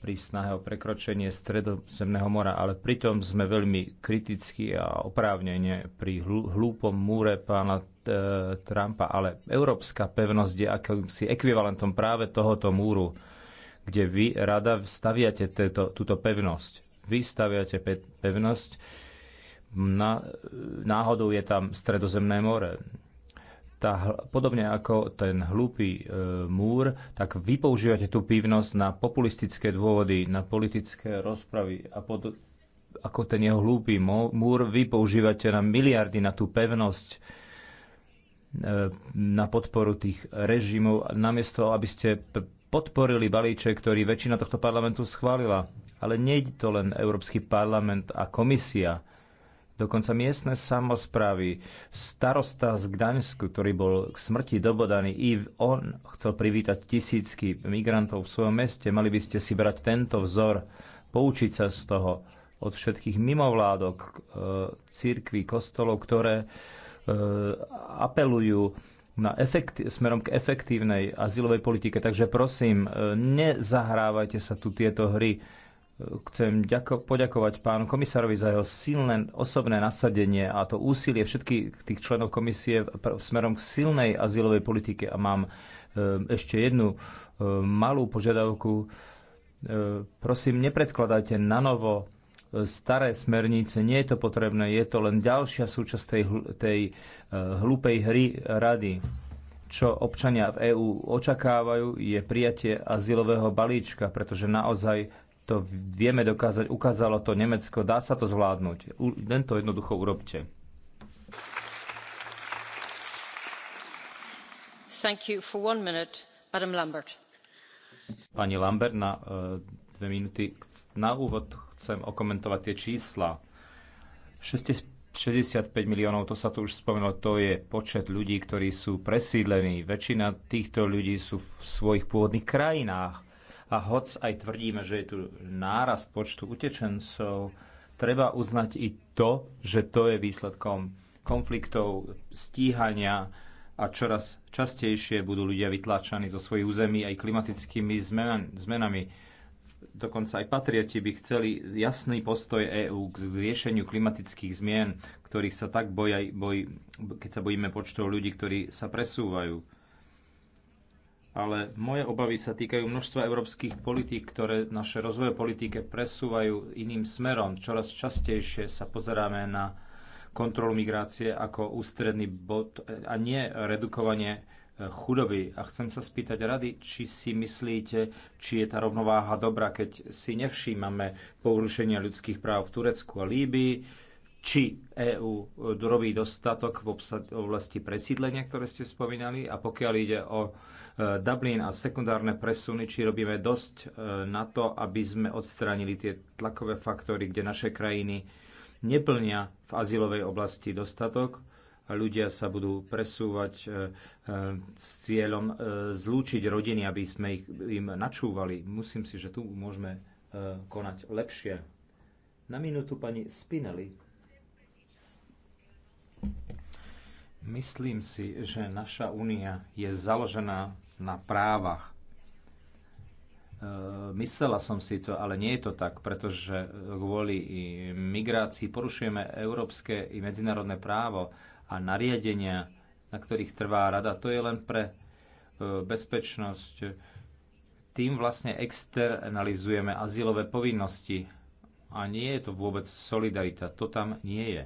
pri snahe o prekročenie Stredozemného mora, ale pritom sme veľmi kritickí a oprávnene pri hlúpom múre pána Trumpa, ale európska pevnosť je akýmsi ekvivalentom práve tohoto múru, kde vy rada staviate tento, túto pevnosť. Vy staviate pe- pevnosť, na, náhodou je tam Stredozemné more tá, podobne ako ten hlúpy e, múr, tak vy používate tú pivnosť na populistické dôvody, na politické rozpravy a pod, ako ten jeho hlúpy múr, vy používate na miliardy na tú pevnosť e, na podporu tých režimov, namiesto aby ste podporili balíček, ktorý väčšina tohto parlamentu schválila. Ale nie je to len Európsky parlament a komisia dokonca miestne samozprávy. Starosta z Gdaňsku, ktorý bol k smrti dobodaný, i on chcel privítať tisícky migrantov v svojom meste. Mali by ste si brať tento vzor, poučiť sa z toho od všetkých mimovládok, e, církví, kostolov, ktoré e, apelujú na efekt, smerom k efektívnej azylovej politike. Takže prosím, e, nezahrávajte sa tu tieto hry Chcem ďako- poďakovať pánu komisárovi za jeho silné osobné nasadenie a to úsilie všetkých tých členov komisie smerom k silnej azylovej politike. A mám e, ešte jednu e, malú požiadavku. E, prosím, nepredkladajte na novo staré smernice, nie je to potrebné, je to len ďalšia súčasť tej, tej hlúpej hry rady. Čo občania v EÚ očakávajú, je prijatie azylového balíčka, pretože naozaj to vieme dokázať, ukázalo to Nemecko, dá sa to zvládnuť. Len to jednoducho urobte. Thank you for one minute, Madam Lambert. Pani Lambert, na uh, dve minúty. Na úvod chcem okomentovať tie čísla. 65 miliónov, to sa tu už spomenulo, to je počet ľudí, ktorí sú presídlení. Väčšina týchto ľudí sú v svojich pôvodných krajinách a hoc aj tvrdíme, že je tu nárast počtu utečencov, treba uznať i to, že to je výsledkom konfliktov, stíhania a čoraz častejšie budú ľudia vytláčaní zo svojich území aj klimatickými zmenami. Dokonca aj patriati by chceli jasný postoj EÚ k riešeniu klimatických zmien, ktorých sa tak bojí, boj, keď sa bojíme počtov ľudí, ktorí sa presúvajú ale moje obavy sa týkajú množstva európskych politík, ktoré naše rozvoje politike presúvajú iným smerom. Čoraz častejšie sa pozeráme na kontrolu migrácie ako ústredný bod a nie redukovanie eh, chudoby. A chcem sa spýtať rady, či si myslíte, či je tá rovnováha dobrá, keď si nevšímame porušenia ľudských práv v Turecku a Líbii, či EÚ robí dostatok v oblasti presídlenia, ktoré ste spomínali, a pokiaľ ide o e, Dublin a sekundárne presuny, či robíme dosť e, na to, aby sme odstránili tie tlakové faktory, kde naše krajiny neplnia v azylovej oblasti dostatok a ľudia sa budú presúvať e, s cieľom zlúčiť rodiny, aby sme ich, im načúvali. Musím si, že tu môžeme konať lepšie. Na minútu pani Spinelli. Myslím si, že naša únia je založená na právach. E, myslela som si to, ale nie je to tak, pretože kvôli migrácii porušujeme európske i medzinárodné právo a nariadenia, na ktorých trvá rada. To je len pre e, bezpečnosť. Tým vlastne externalizujeme azylové povinnosti a nie je to vôbec solidarita. To tam nie je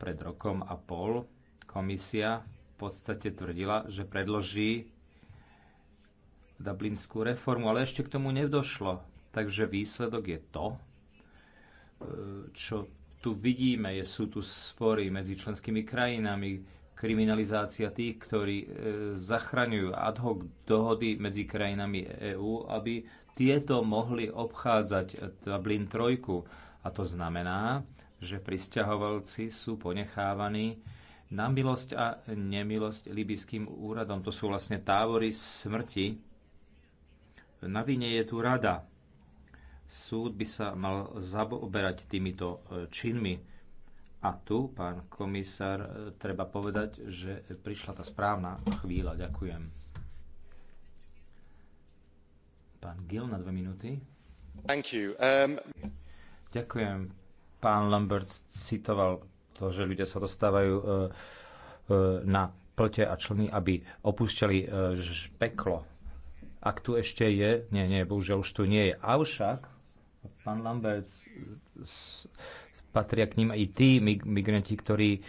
pred rokom a pol komisia v podstate tvrdila, že predloží Dublinskú reformu, ale ešte k tomu nedošlo. Takže výsledok je to, e, čo tu vidíme, je, sú tu spory medzi členskými krajinami, kriminalizácia tých, ktorí e, zachraňujú ad hoc dohody medzi krajinami EÚ, aby tieto mohli obchádzať Dublin trojku. A to znamená, že pristahovalci sú ponechávaní na milosť a nemilosť libyským úradom. To sú vlastne tábory smrti. Na vine je tu rada. Súd by sa mal zaoberať týmito e, činmi. A tu, pán komisár, e, treba povedať, že prišla tá správna chvíľa. Ďakujem. Pán Gil na dve minúty. Um... Ďakujem Pán Lambert citoval to, že ľudia sa dostávajú e, e, na plte a člny, aby opúšťali e, peklo. Ak tu ešte je, nie, nie, bohužiaľ už tu nie je. Avšak, pán Lambert, patria k ním aj tí migranti, ktorí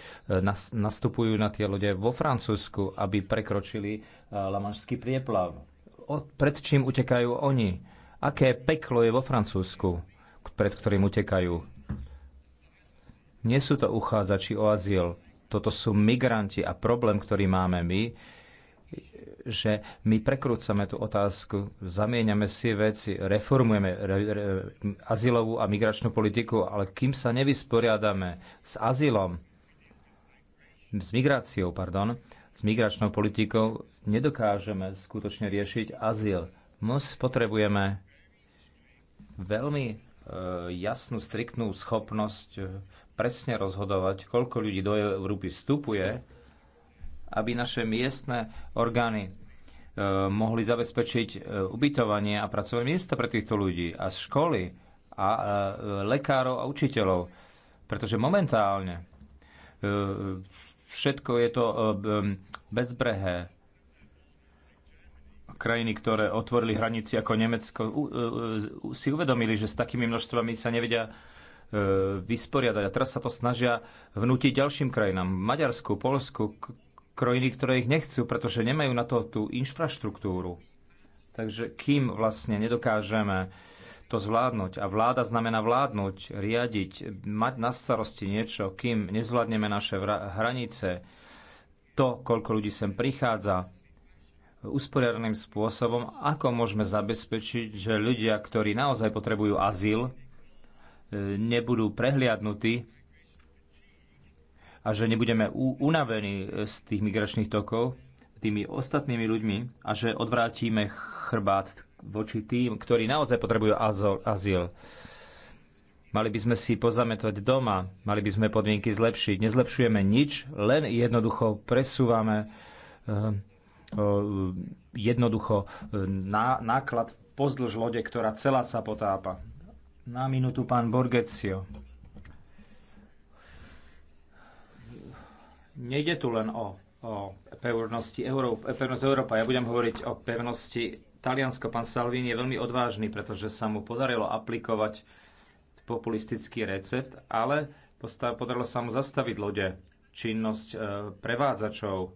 nastupujú na tie lode vo Francúzsku, aby prekročili Lamanšský prieplav. Pred čím utekajú oni? Aké peklo je vo Francúzsku, pred ktorým utekajú? Nie sú to uchádzači o azyl. Toto sú migranti a problém, ktorý máme my, že my prekrúcame tú otázku, zamieňame si veci, reformujeme re, re, azylovú a migračnú politiku, ale kým sa nevysporiadame s azylom, s migráciou, pardon, s migračnou politikou, nedokážeme skutočne riešiť azyl. Mus potrebujeme veľmi e, jasnú, striktnú schopnosť e, presne rozhodovať, koľko ľudí do Európy vstupuje, aby naše miestne orgány e, mohli zabezpečiť e, ubytovanie a pracovné miesta pre týchto ľudí a školy a e, lekárov a učiteľov. Pretože momentálne všetko je to bezbrehé. Krajiny, ktoré otvorili hranici ako Nemecko, si uvedomili, že s takými množstvami sa nevedia E, vysporiadať. A teraz sa to snažia vnútiť ďalším krajinám. Maďarsku, Polsku, krajiny, ktoré ich nechcú, pretože nemajú na to tú infraštruktúru. Takže kým vlastne nedokážeme to zvládnuť. A vláda znamená vládnuť, riadiť, mať na starosti niečo, kým nezvládneme naše hranice, to, koľko ľudí sem prichádza, usporiadaným spôsobom, ako môžeme zabezpečiť, že ľudia, ktorí naozaj potrebujú azyl, nebudú prehliadnutí a že nebudeme unavení z tých migračných tokov tými ostatnými ľuďmi a že odvrátime chrbát voči tým, ktorí naozaj potrebujú azyl. Mali by sme si pozametať doma, mali by sme podmienky zlepšiť. Nezlepšujeme nič, len jednoducho presúvame eh, jednoducho eh, náklad pozdĺž lode, ktorá celá sa potápa. Na minútu pán Borgecio. Nejde tu len o, o pevnosti Európa, pevnosť Európa. Ja budem hovoriť o pevnosti Taliansko. Pán Salvini je veľmi odvážny, pretože sa mu podarilo aplikovať populistický recept, ale podarilo sa mu zastaviť lode, činnosť e, prevádzačov.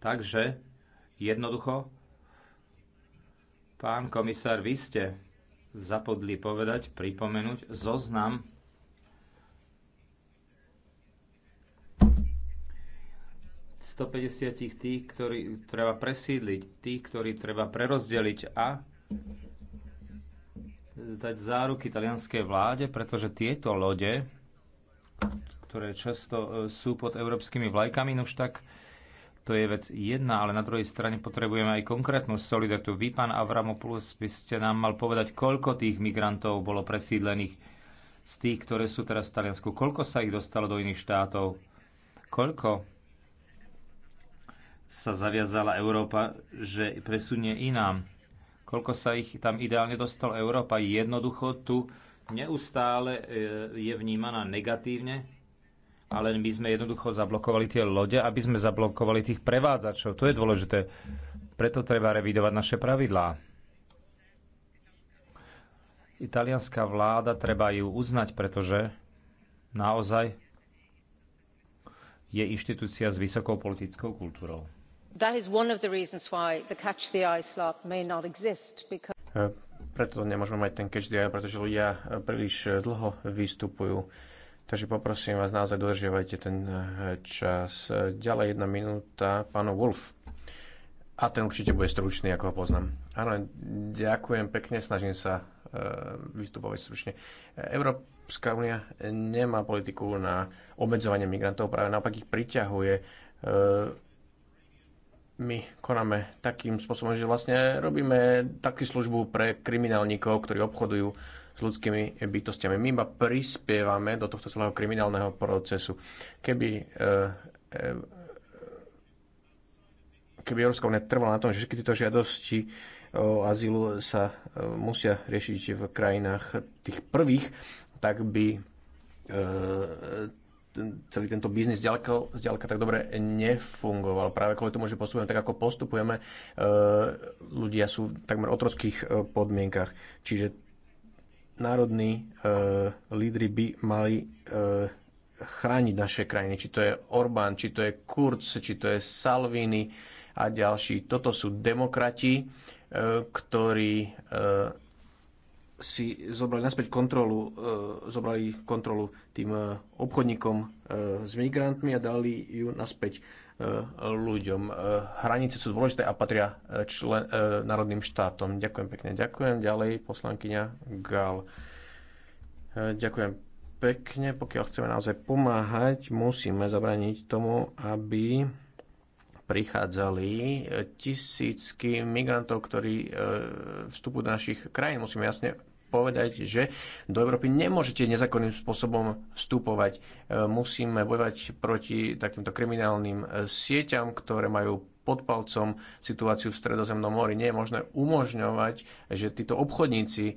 Takže jednoducho, pán komisár, vy ste zapodli povedať, pripomenúť zoznam ...150 tých, ktorí treba presídliť, tých, ktorí treba prerozdeliť a dať záruky talianskej vláde, pretože tieto lode, ktoré často e, sú pod európskymi vlajkami, no už tak to je vec jedna, ale na druhej strane potrebujeme aj konkrétnu solidaritu. Vy, pán Avramopoulos, by ste nám mal povedať, koľko tých migrantov bolo presídlených z tých, ktoré sú teraz v Taliansku. Koľko sa ich dostalo do iných štátov? Koľko sa zaviazala Európa, že presunie inám? Koľko sa ich tam ideálne dostalo Európa? Jednoducho tu neustále e, je vnímaná negatívne ale my sme jednoducho zablokovali tie lode, aby sme zablokovali tých prevádzačov. To je dôležité. Preto treba revidovať naše pravidlá. Italianská vláda, treba ju uznať, pretože naozaj je inštitúcia s vysokou politickou kultúrou. E, preto nemôžeme mať ten catch the eye, pretože ľudia e, príliš e, dlho vystupujú. Takže poprosím vás, naozaj dodržiavajte ten eh, čas. Ďalej jedna minúta, pánu Wolf. A ten určite bude stručný, ako ho poznám. Áno, ďakujem pekne, snažím sa eh, vystupovať stručne. Európska únia nemá politiku na obmedzovanie migrantov, práve naopak ich priťahuje. Eh, my konáme takým spôsobom, že vlastne robíme takú službu pre kriminálnikov, ktorí obchodujú s ľudskými bytostiami. My iba prispievame do tohto celého kriminálneho procesu. Keby e, e, keby Európska únia trvala na tom, že všetky tieto žiadosti o azylu sa e, musia riešiť v krajinách tých prvých, tak by celý tento biznis zďaleka, zďaleka tak dobre nefungoval. Práve kvôli tomu, že postupujeme tak, ako postupujeme, ľudia sú v takmer otrockých podmienkach. Čiže národní e, lídry by mali e, chrániť naše krajiny. Či to je Orbán, či to je Kurz, či to je Salvini a ďalší. Toto sú demokrati, e, ktorí e, si zobrali naspäť kontrolu, e, zobrali kontrolu tým e, obchodníkom e, s migrantmi a dali ju naspäť ľuďom. Hranice sú dôležité a patria člen, národným štátom. Ďakujem pekne. Ďakujem. Ďalej poslankyňa Gal. Ďakujem pekne. Pokiaľ chceme naozaj pomáhať, musíme zabraniť tomu, aby prichádzali tisícky migrantov, ktorí vstupujú do našich krajín. Musíme jasne povedať, že do Európy nemôžete nezákonným spôsobom vstupovať. E, musíme bojovať proti takýmto kriminálnym e, sieťam, ktoré majú pod palcom situáciu v Stredozemnom mori. Nie je možné umožňovať, že títo obchodníci e,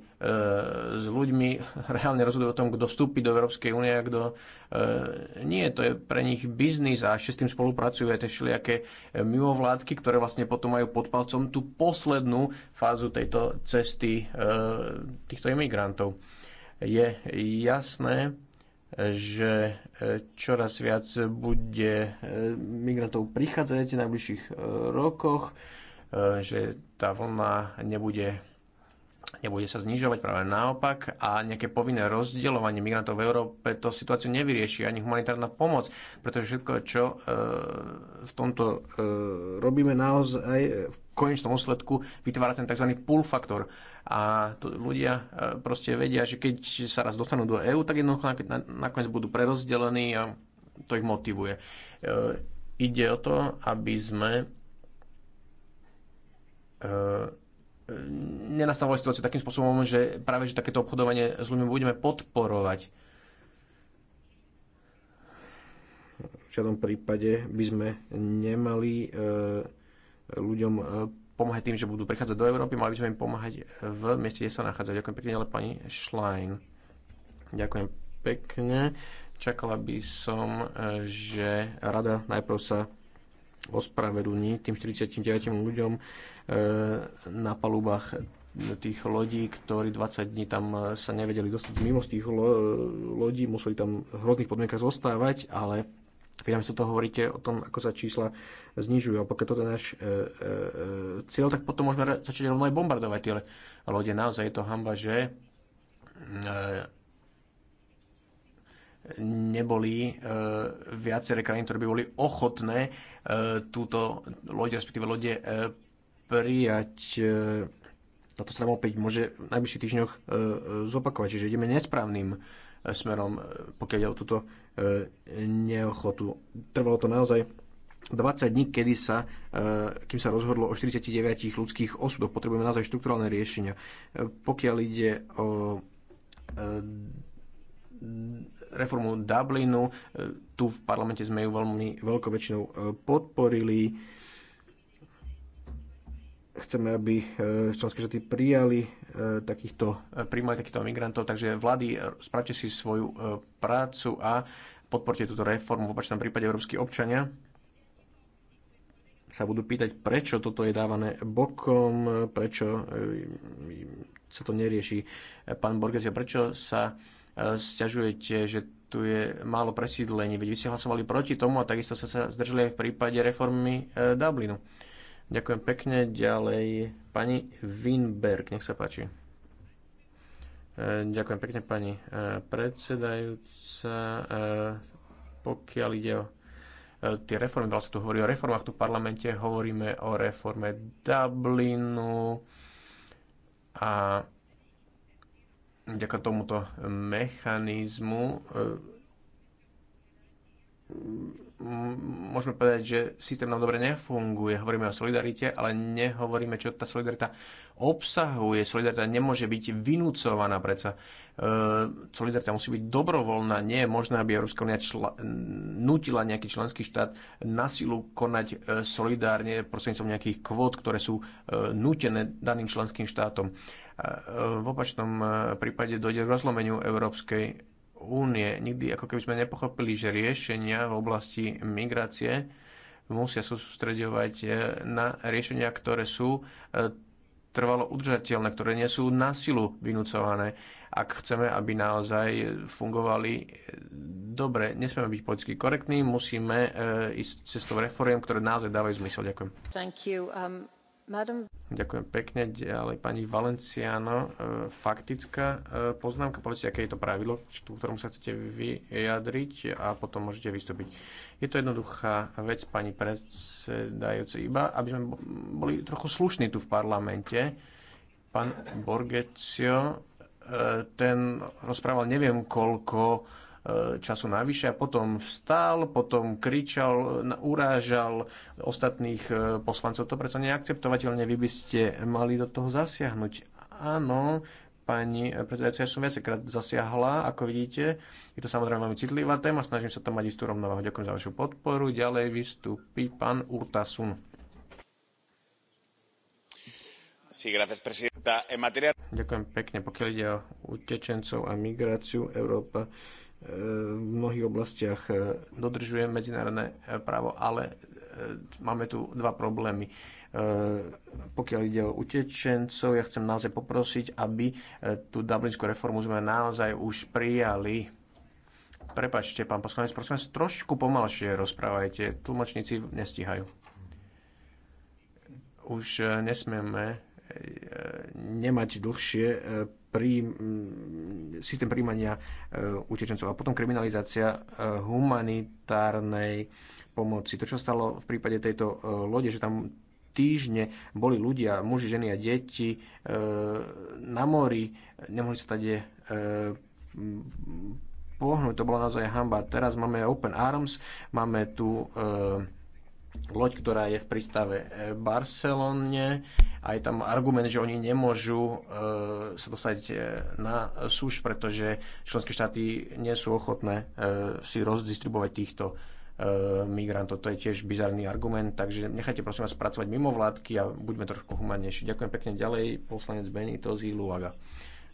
s ľuďmi reálne rozhodujú o tom, kto vstúpi do Európskej únie a kto e, nie. To je pre nich biznis a ešte s tým spolupracujú aj tie všelijaké e, mimovládky, ktoré vlastne potom majú pod palcom tú poslednú fázu tejto cesty e, týchto imigrantov. Je jasné, že e, čoraz viac bude e, migrantov prichádzať v najbližších e, rokoch, že tá vlna nebude, nebude sa znižovať, práve naopak. A nejaké povinné rozdielovanie migrantov v Európe to situáciu nevyrieši, ani humanitárna pomoc, pretože všetko, čo v tomto robíme, naozaj v konečnom osledku vytvára ten tzv. pull faktor. A to ľudia e, proste vedia, že keď sa raz dostanú do EÚ, tak jednoducho nakoniec budú prerozdelení a to ich motivuje. E, ide o to, aby sme e, nenastavovali situáciu takým spôsobom, že práve že takéto obchodovanie s ľuďmi budeme podporovať. V žiadnom prípade by sme nemali e, ľuďom e, pomáhať tým, že budú prichádzať do Európy, mali by sme im pomáhať v mieste, kde sa nachádzajú. Ďakujem pekne, ale pani Schlein. Ďakujem pekne. Čakala by som, e, že rada najprv sa ospravedlní tým 49 ľuďom e, na palubách tých lodí, ktorí 20 dní tam sa nevedeli dostať mimo z tých lodí, museli tam v hrozných podmienkach zostávať, ale Priamo sa to hovoríte o tom, ako sa čísla znižujú. A pokiaľ toto je náš e, e, e, cieľ, tak potom môžeme začať rovno aj bombardovať tie lode. Naozaj je to hamba, že e, neboli e, viaceré krajiny, ktoré by boli ochotné e, túto loď, respektíve lode e, prijať. E, toto sa opäť môže v najbližších týždňoch e, e, zopakovať, čiže ideme nesprávnym e, smerom, e, pokiaľ ide o túto neochotu. Trvalo to naozaj 20 dní, kedy sa, e, kým sa rozhodlo o 49 ľudských osudoch, potrebujeme naozaj štruktúralne riešenia. E, pokiaľ ide o e, reformu Dublinu, tu v parlamente sme ju veľmi veľkou väčšinou podporili. Chceme, aby členské štáty prijali E, takýchto, e, príjmať takýchto migrantov. Takže vlády, e, spravte si svoju prácu a podporte túto reformu. V opačnom prípade európsky občania sa budú pýtať, prečo toto je dávané bokom, prečo sa to nerieši. Pán Borges, prečo sa sťažujete, že tu je málo presídlení? Veď vy ste hlasovali proti tomu a takisto sa, sa zdržali aj v prípade reformy Dublinu. Ďakujem pekne. Ďalej pani Winberg, nech sa páči. E, ďakujem pekne pani e, predsedajúca. E, pokiaľ ide o tie reformy, veľa vlastne sa tu hovorí o reformách, tu v parlamente hovoríme o reforme Dublinu a vďaka tomuto mechanizmu môžeme povedať, že systém nám dobre nefunguje. Hovoríme o solidarite, ale nehovoríme, čo tá solidarita obsahuje. Solidarita nemôže byť vynúcovaná predsa. E, solidarita musí byť dobrovoľná. Nie je možné, aby Európska únia čla, nutila nejaký členský štát na silu konať e, solidárne prostredníctvom nejakých kvót, ktoré sú e, nutené daným členským štátom. E, e, v opačnom e, prípade dojde k rozlomeniu európskej únie. Nikdy ako keby sme nepochopili, že riešenia v oblasti migrácie musia sústredovať e, na riešenia, ktoré sú e, trvalo udržateľné, ktoré nie sú na silu vynúcované, ak chceme, aby naozaj fungovali e, dobre. Nesmieme byť politicky korektní, musíme ísť cestou reforiem, ktoré naozaj dávajú zmysel. Ďakujem. Thank you. Um... Madam... Ďakujem pekne, ďalej pani Valenciano. E, faktická e, poznámka, povedzte, aké je to pravidlo, v ktorom sa chcete vyjadriť a potom môžete vystúpiť. Je to jednoduchá vec, pani predsedajúca, iba aby sme boli trochu slušní tu v parlamente. Pán Borgecio, e, ten rozprával neviem koľko E, času navyše a potom vstal, potom kričal, urážal ostatných e, poslancov. To preto neakceptovateľne, vy by ste mali do toho zasiahnuť. Áno, pani predsedajúca, ja som viackrát zasiahla, ako vidíte. Je to samozrejme veľmi citlivá téma, snažím sa tam mať istú rovnováhu. Ďakujem za vašu podporu. Ďalej vystúpi pán Urtasun. Ďakujem pekne. Pokiaľ ide o utečencov a migráciu, Európa v mnohých oblastiach e, dodržuje medzinárodné e, právo, ale e, máme tu dva problémy. Pokiaľ ide o utečencov, ja chcem naozaj poprosiť, aby tú dublinskú reformu sme naozaj už prijali. Prepačte, pán poslanec, prosím vás, trošku pomalšie rozprávajte. Tlmočníci nestíhajú. Už nesmieme nemať dlhšie prí, mm, systém príjmania e, utečencov a potom kriminalizácia e, humanitárnej pomoci. To, čo stalo v prípade tejto e, lode, že tam týždne boli ľudia, muži, ženy a deti na mori, nemohli sa tade pohnúť, to bola naozaj hamba. Teraz máme Open Arms, máme tu loď, ktorá je v prístave v e, Barcelone a je tam argument, že oni nemôžu e, sa dostať e, na súž, pretože členské štáty nie sú ochotné si rozdistribovať týchto migrantov. To je tiež bizarný argument, takže nechajte prosím vás pracovať mimo vládky a buďme trošku humanejší. Ďakujem pekne ďalej, poslanec Benito Zíluaga.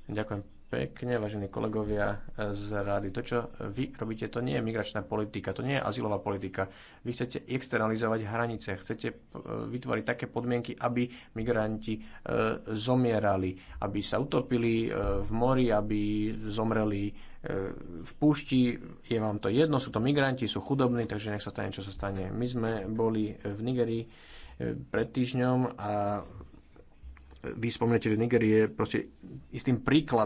Ďakujem pekne, vážení kolegovia z rady. To, čo vy robíte, to nie je migračná politika, to nie je azylová politika. Vy chcete externalizovať hranice, chcete eh, vytvoriť také podmienky, aby migranti eh, zomierali, aby sa utopili eh, v mori, aby zomreli v púšti. Je vám to jedno, sú to migranti, sú chudobní, takže nech sa stane, čo sa stane. My sme boli v Nigerii pred týždňom a vy spomínate, že Niger je proste istým príkladom